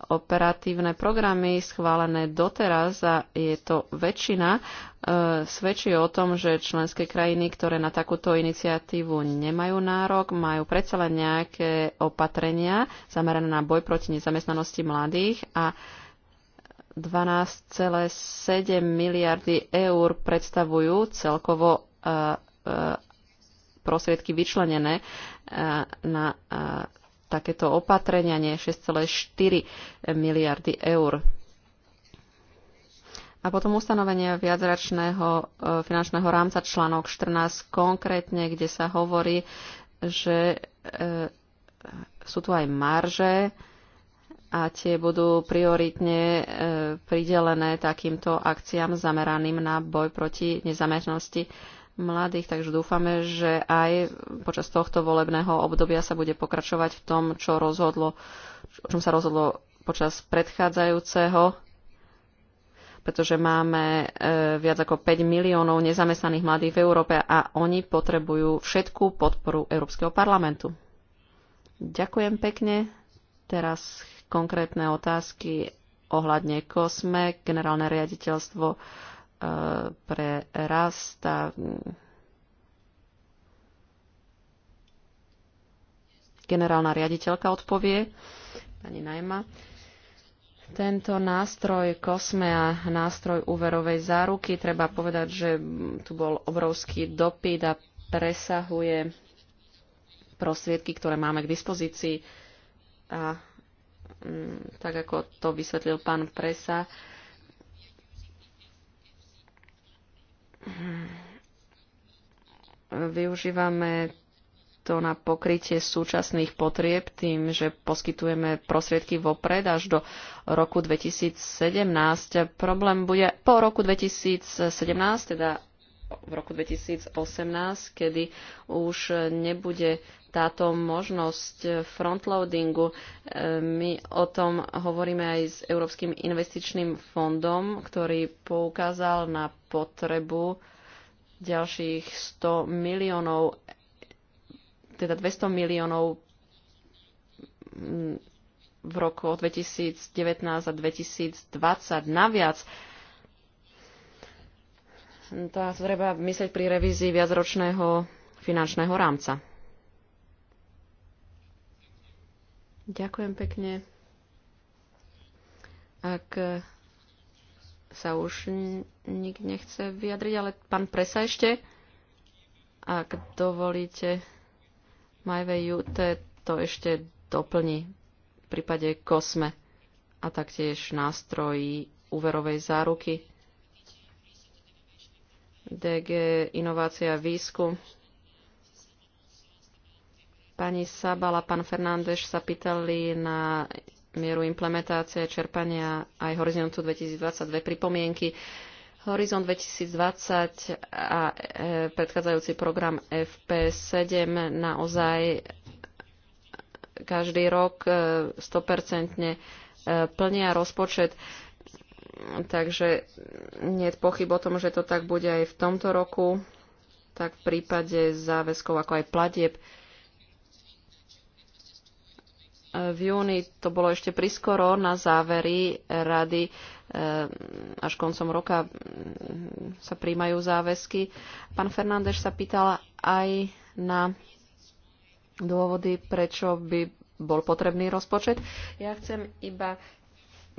operatívne programy schválené doteraz a je to väčšina, e, svedčí o tom, že členské krajiny, ktoré na takúto iniciatívu nemajú nárok, majú predsa len nejaké opatrenia zamerané na boj proti nezamestnanosti mladých a 12,7 miliardy eur predstavujú celkovo e, e, prostriedky vyčlenené na takéto opatrenia, nie 6,4 miliardy eur. A potom ustanovenie viacračného e, finančného rámca článok 14 konkrétne, kde sa hovorí, že e, sú tu aj marže a tie budú prioritne e, pridelené takýmto akciám zameraným na boj proti nezamestnanosti mladých, takže dúfame, že aj počas tohto volebného obdobia sa bude pokračovať v tom, čo rozhodlo, o čom sa rozhodlo počas predchádzajúceho, pretože máme e, viac ako 5 miliónov nezamestnaných mladých v Európe a oni potrebujú všetkú podporu Európskeho parlamentu. Ďakujem pekne. Teraz konkrétne otázky ohľadne KOSME, generálne riaditeľstvo pre rast a generálna riaditeľka odpovie, pani Najma. Tento nástroj Kosme a nástroj úverovej záruky, treba povedať, že tu bol obrovský dopyt a presahuje prostriedky, ktoré máme k dispozícii. A mm, tak ako to vysvetlil pán Presa, Využívame to na pokrytie súčasných potrieb tým, že poskytujeme prostriedky vopred až do roku 2017. Problém bude po roku 2017, teda v roku 2018, kedy už nebude táto možnosť frontloadingu. E, my o tom hovoríme aj s Európskym investičným fondom, ktorý poukázal na potrebu ďalších 100 miliónov, teda 200 miliónov v roku 2019 a 2020 naviac. To treba myslieť pri revízii viacročného finančného rámca. Ďakujem pekne. Ak sa už nik nechce vyjadriť, ale pán Presa ešte, ak dovolíte, Majve Jute to ešte doplní v prípade Kosme a taktiež nástroji úverovej záruky. DG Inovácia a výskum Pani a pán Fernández sa pýtali na mieru implementácie čerpania aj Horizontu 2022 pripomienky. Horizont 2020 a e, predchádzajúci program FP7 naozaj každý rok 100% e, e, plnia rozpočet takže nie je pochyb o tom, že to tak bude aj v tomto roku, tak v prípade záväzkov ako aj platieb v júni to bolo ešte priskoro na závery rady e, až koncom roka sa príjmajú záväzky. Pán Fernández sa pýtal aj na dôvody, prečo by bol potrebný rozpočet. Ja chcem iba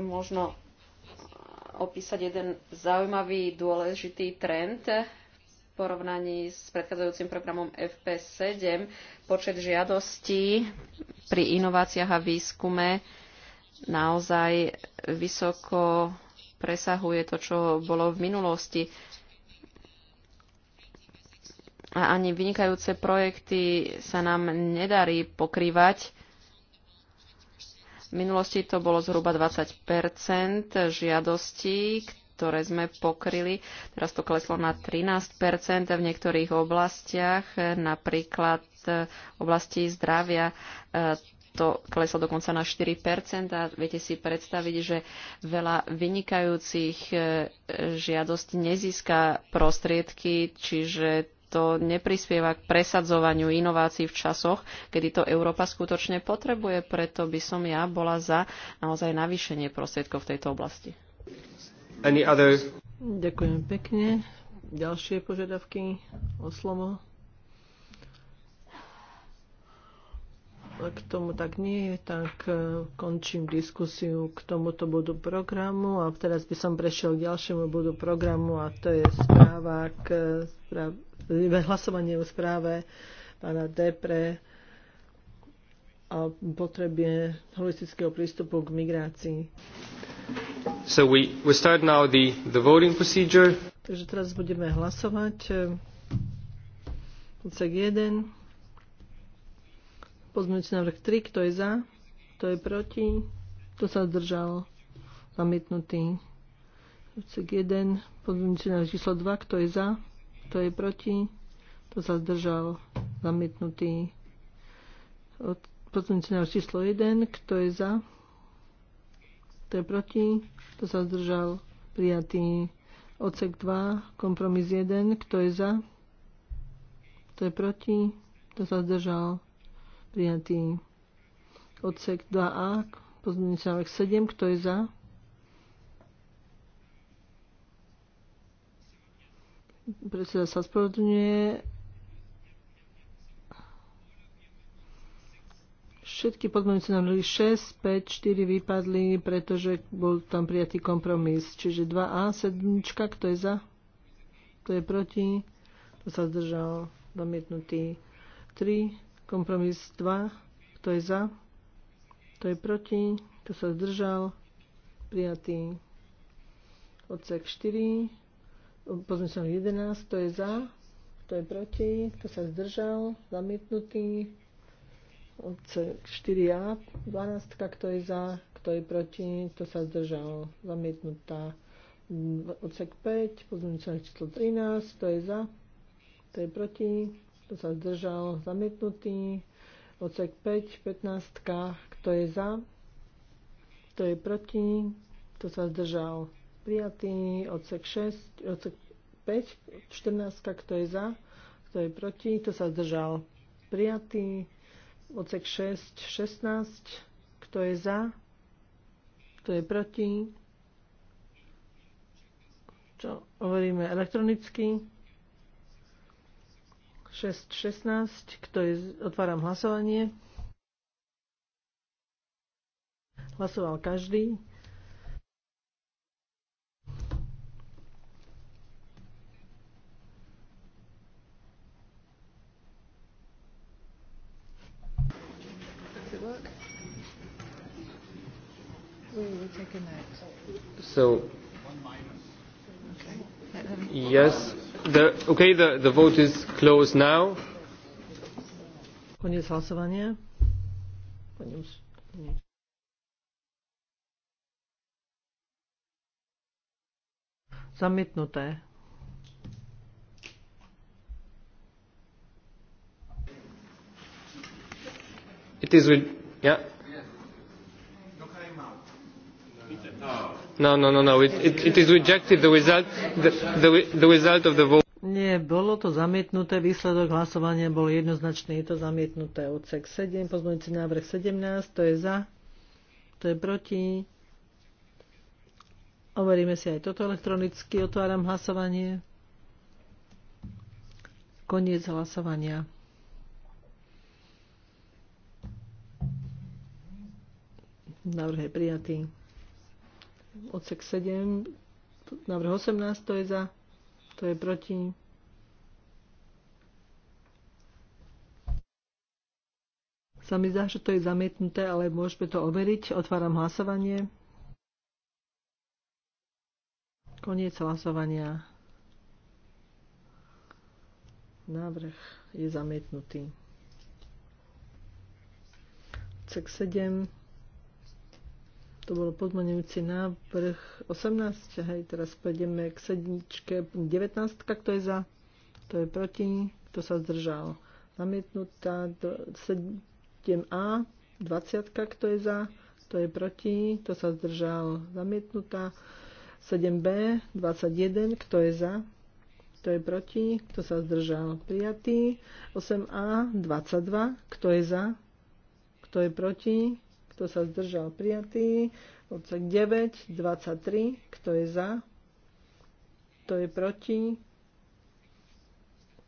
možno opísať jeden zaujímavý, dôležitý trend porovnaní s predchádzajúcim programom FP7 počet žiadostí pri inováciách a výskume naozaj vysoko presahuje to, čo bolo v minulosti. A ani vynikajúce projekty sa nám nedarí pokrývať. V minulosti to bolo zhruba 20 žiadostí, ktoré sme pokryli. Teraz to kleslo na 13 v niektorých oblastiach, napríklad eh, oblasti zdravia eh, to kleslo dokonca na 4% a viete si predstaviť, že veľa vynikajúcich eh, žiadostí nezíska prostriedky, čiže to neprispieva k presadzovaniu inovácií v časoch, kedy to Európa skutočne potrebuje, preto by som ja bola za naozaj navýšenie prostriedkov v tejto oblasti. Any other... Ďakujem pekne. Ďalšie požiadavky o slovo? Ak tomu tak nie je, tak e, končím diskusiu k tomuto bodu programu a teraz by som prešiel k ďalšiemu bodu programu a to je správa k e, správ, e, hlasovanie o správe pána Depre a potrebie holistického prístupu k migrácii. So we, we start now the, the voting procedure. Takže teraz budeme hlasovať. Odsek 1. Pozmeňujúci návrh 3. Kto je za? Kto je proti? Kto sa zdržal? Zamietnutý. Odsek 1. Pozmeňujúci návrh číslo 2. Kto je za? Kto je proti? Kto sa zdržal? Zamietnutý. Pozmeňujúci návrh číslo 1. Kto je za? Kto je proti? Kto sa zdržal? Prijatý. Odsek 2, kompromis 1. Kto je za? Kto je proti? Kto sa zdržal? Prijatý. Odsek 2a, pozmeňujúci návrh 7. Kto je za? Predseda sa spravodňuje Všetky podmienujúce návrhy 6, 5, 4 vypadli, pretože bol tam prijatý kompromis. Čiže 2A, 7, kto je za? Kto je proti? to sa zdržal? domietnutý. 3, kompromis 2, kto je za? Kto je proti? Kto sa zdržal? Prijatý odsek 4, pozme 11, kto je za? Kto je proti? Kto sa zdržal? Zamietnutý 4A, 12, kto je za, kto je proti, kto sa zdržal, zamietnutá. Odsek 5, pozmeňujúce číslo 13, kto je za, kto je proti, kto sa zdržal, zamietnutý. Odsek 5, 15, kto je za, kto je proti, kto sa zdržal, prijatý. Odsek 6, odsek 5, 14, kto je za, kto je proti, kto sa zdržal, prijatý Odsek 6, 16. Kto je za? Kto je proti? Čo hovoríme elektronicky? 6, 16. Kto je, otváram hlasovanie. Hlasoval každý. So, yes, the, okay, the, the vote is closed now. Koniec hlasovania. Zamietnuté. It is, with, yeah. No, no, no, no. It, it, it is rejected the result, the, the, the result of the vote. Nie, bolo to zamietnuté, výsledok hlasovania bol jednoznačný, je to zamietnuté. Odsek 7, pozmeňujúci návrh 17, to je za, to je proti. Overíme si aj toto elektronicky, otváram hlasovanie. Koniec hlasovania. Návrh je prijatý odsek 7, návrh 18, to je za, to je proti. Sa mi zdá, že to je zamietnuté, ale môžeme to overiť. Otváram hlasovanie. Koniec hlasovania. Návrh je zamietnutý. Cek 7 to bolo podmanujúci návrh 18. Hej, teraz pôjdeme k sedničke 19. Kto je za? to je proti? Kto sa zdržal? Namietnutá 7a. 20. Kto je za? to je proti? Kto sa zdržal? Zamietnutá. 7b. 21. Kto je za? Kto je proti? Kto sa zdržal? Prijatý. 8a. 22. Kto je za? Kto je proti? kto sa zdržal prijatý, odsek 9, 23, kto je za, kto je proti,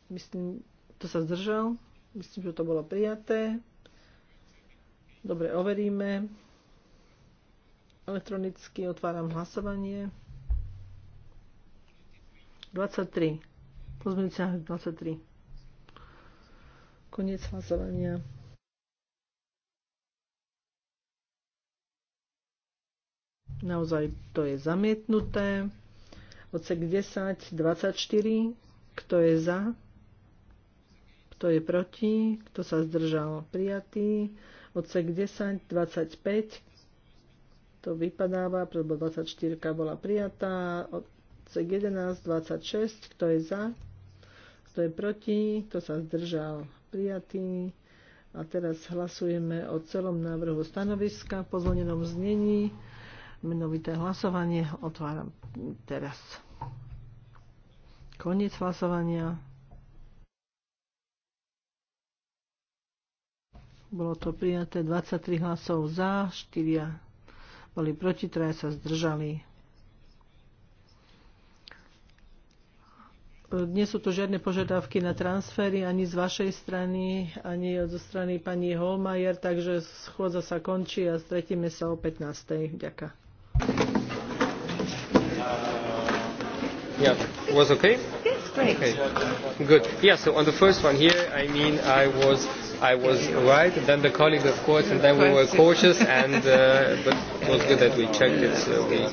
myslím, kto sa zdržal, myslím, že to bolo prijaté. Dobre, overíme. Elektronicky otváram hlasovanie. 23. sa 23. Koniec hlasovania. Naozaj to je zamietnuté. Odsek 10, 24. Kto je za? Kto je proti? Kto sa zdržal? Prijatý. Odsek 10, 25. To vypadáva, lebo 24 bola prijatá. Odsek 11, 26. Kto je za? Kto je proti? Kto sa zdržal? Prijatý. A teraz hlasujeme o celom návrhu stanoviska po zvonenom znení menovité hlasovanie. Otváram teraz. Koniec hlasovania. Bolo to prijaté 23 hlasov za, 4 boli proti, 3 sa zdržali. nie sú tu žiadne požiadavky na transfery ani z vašej strany, ani zo strany pani Holmajer, takže schôdza sa končí a stretíme sa o 15. Ďakujem. Yeah, was okay? Yes, great. Okay. Good. Yeah, so on the first one here, I mean, I was, I was right, and then the colleague, of course, and then we were cautious, and uh, but it was good that we checked it, so we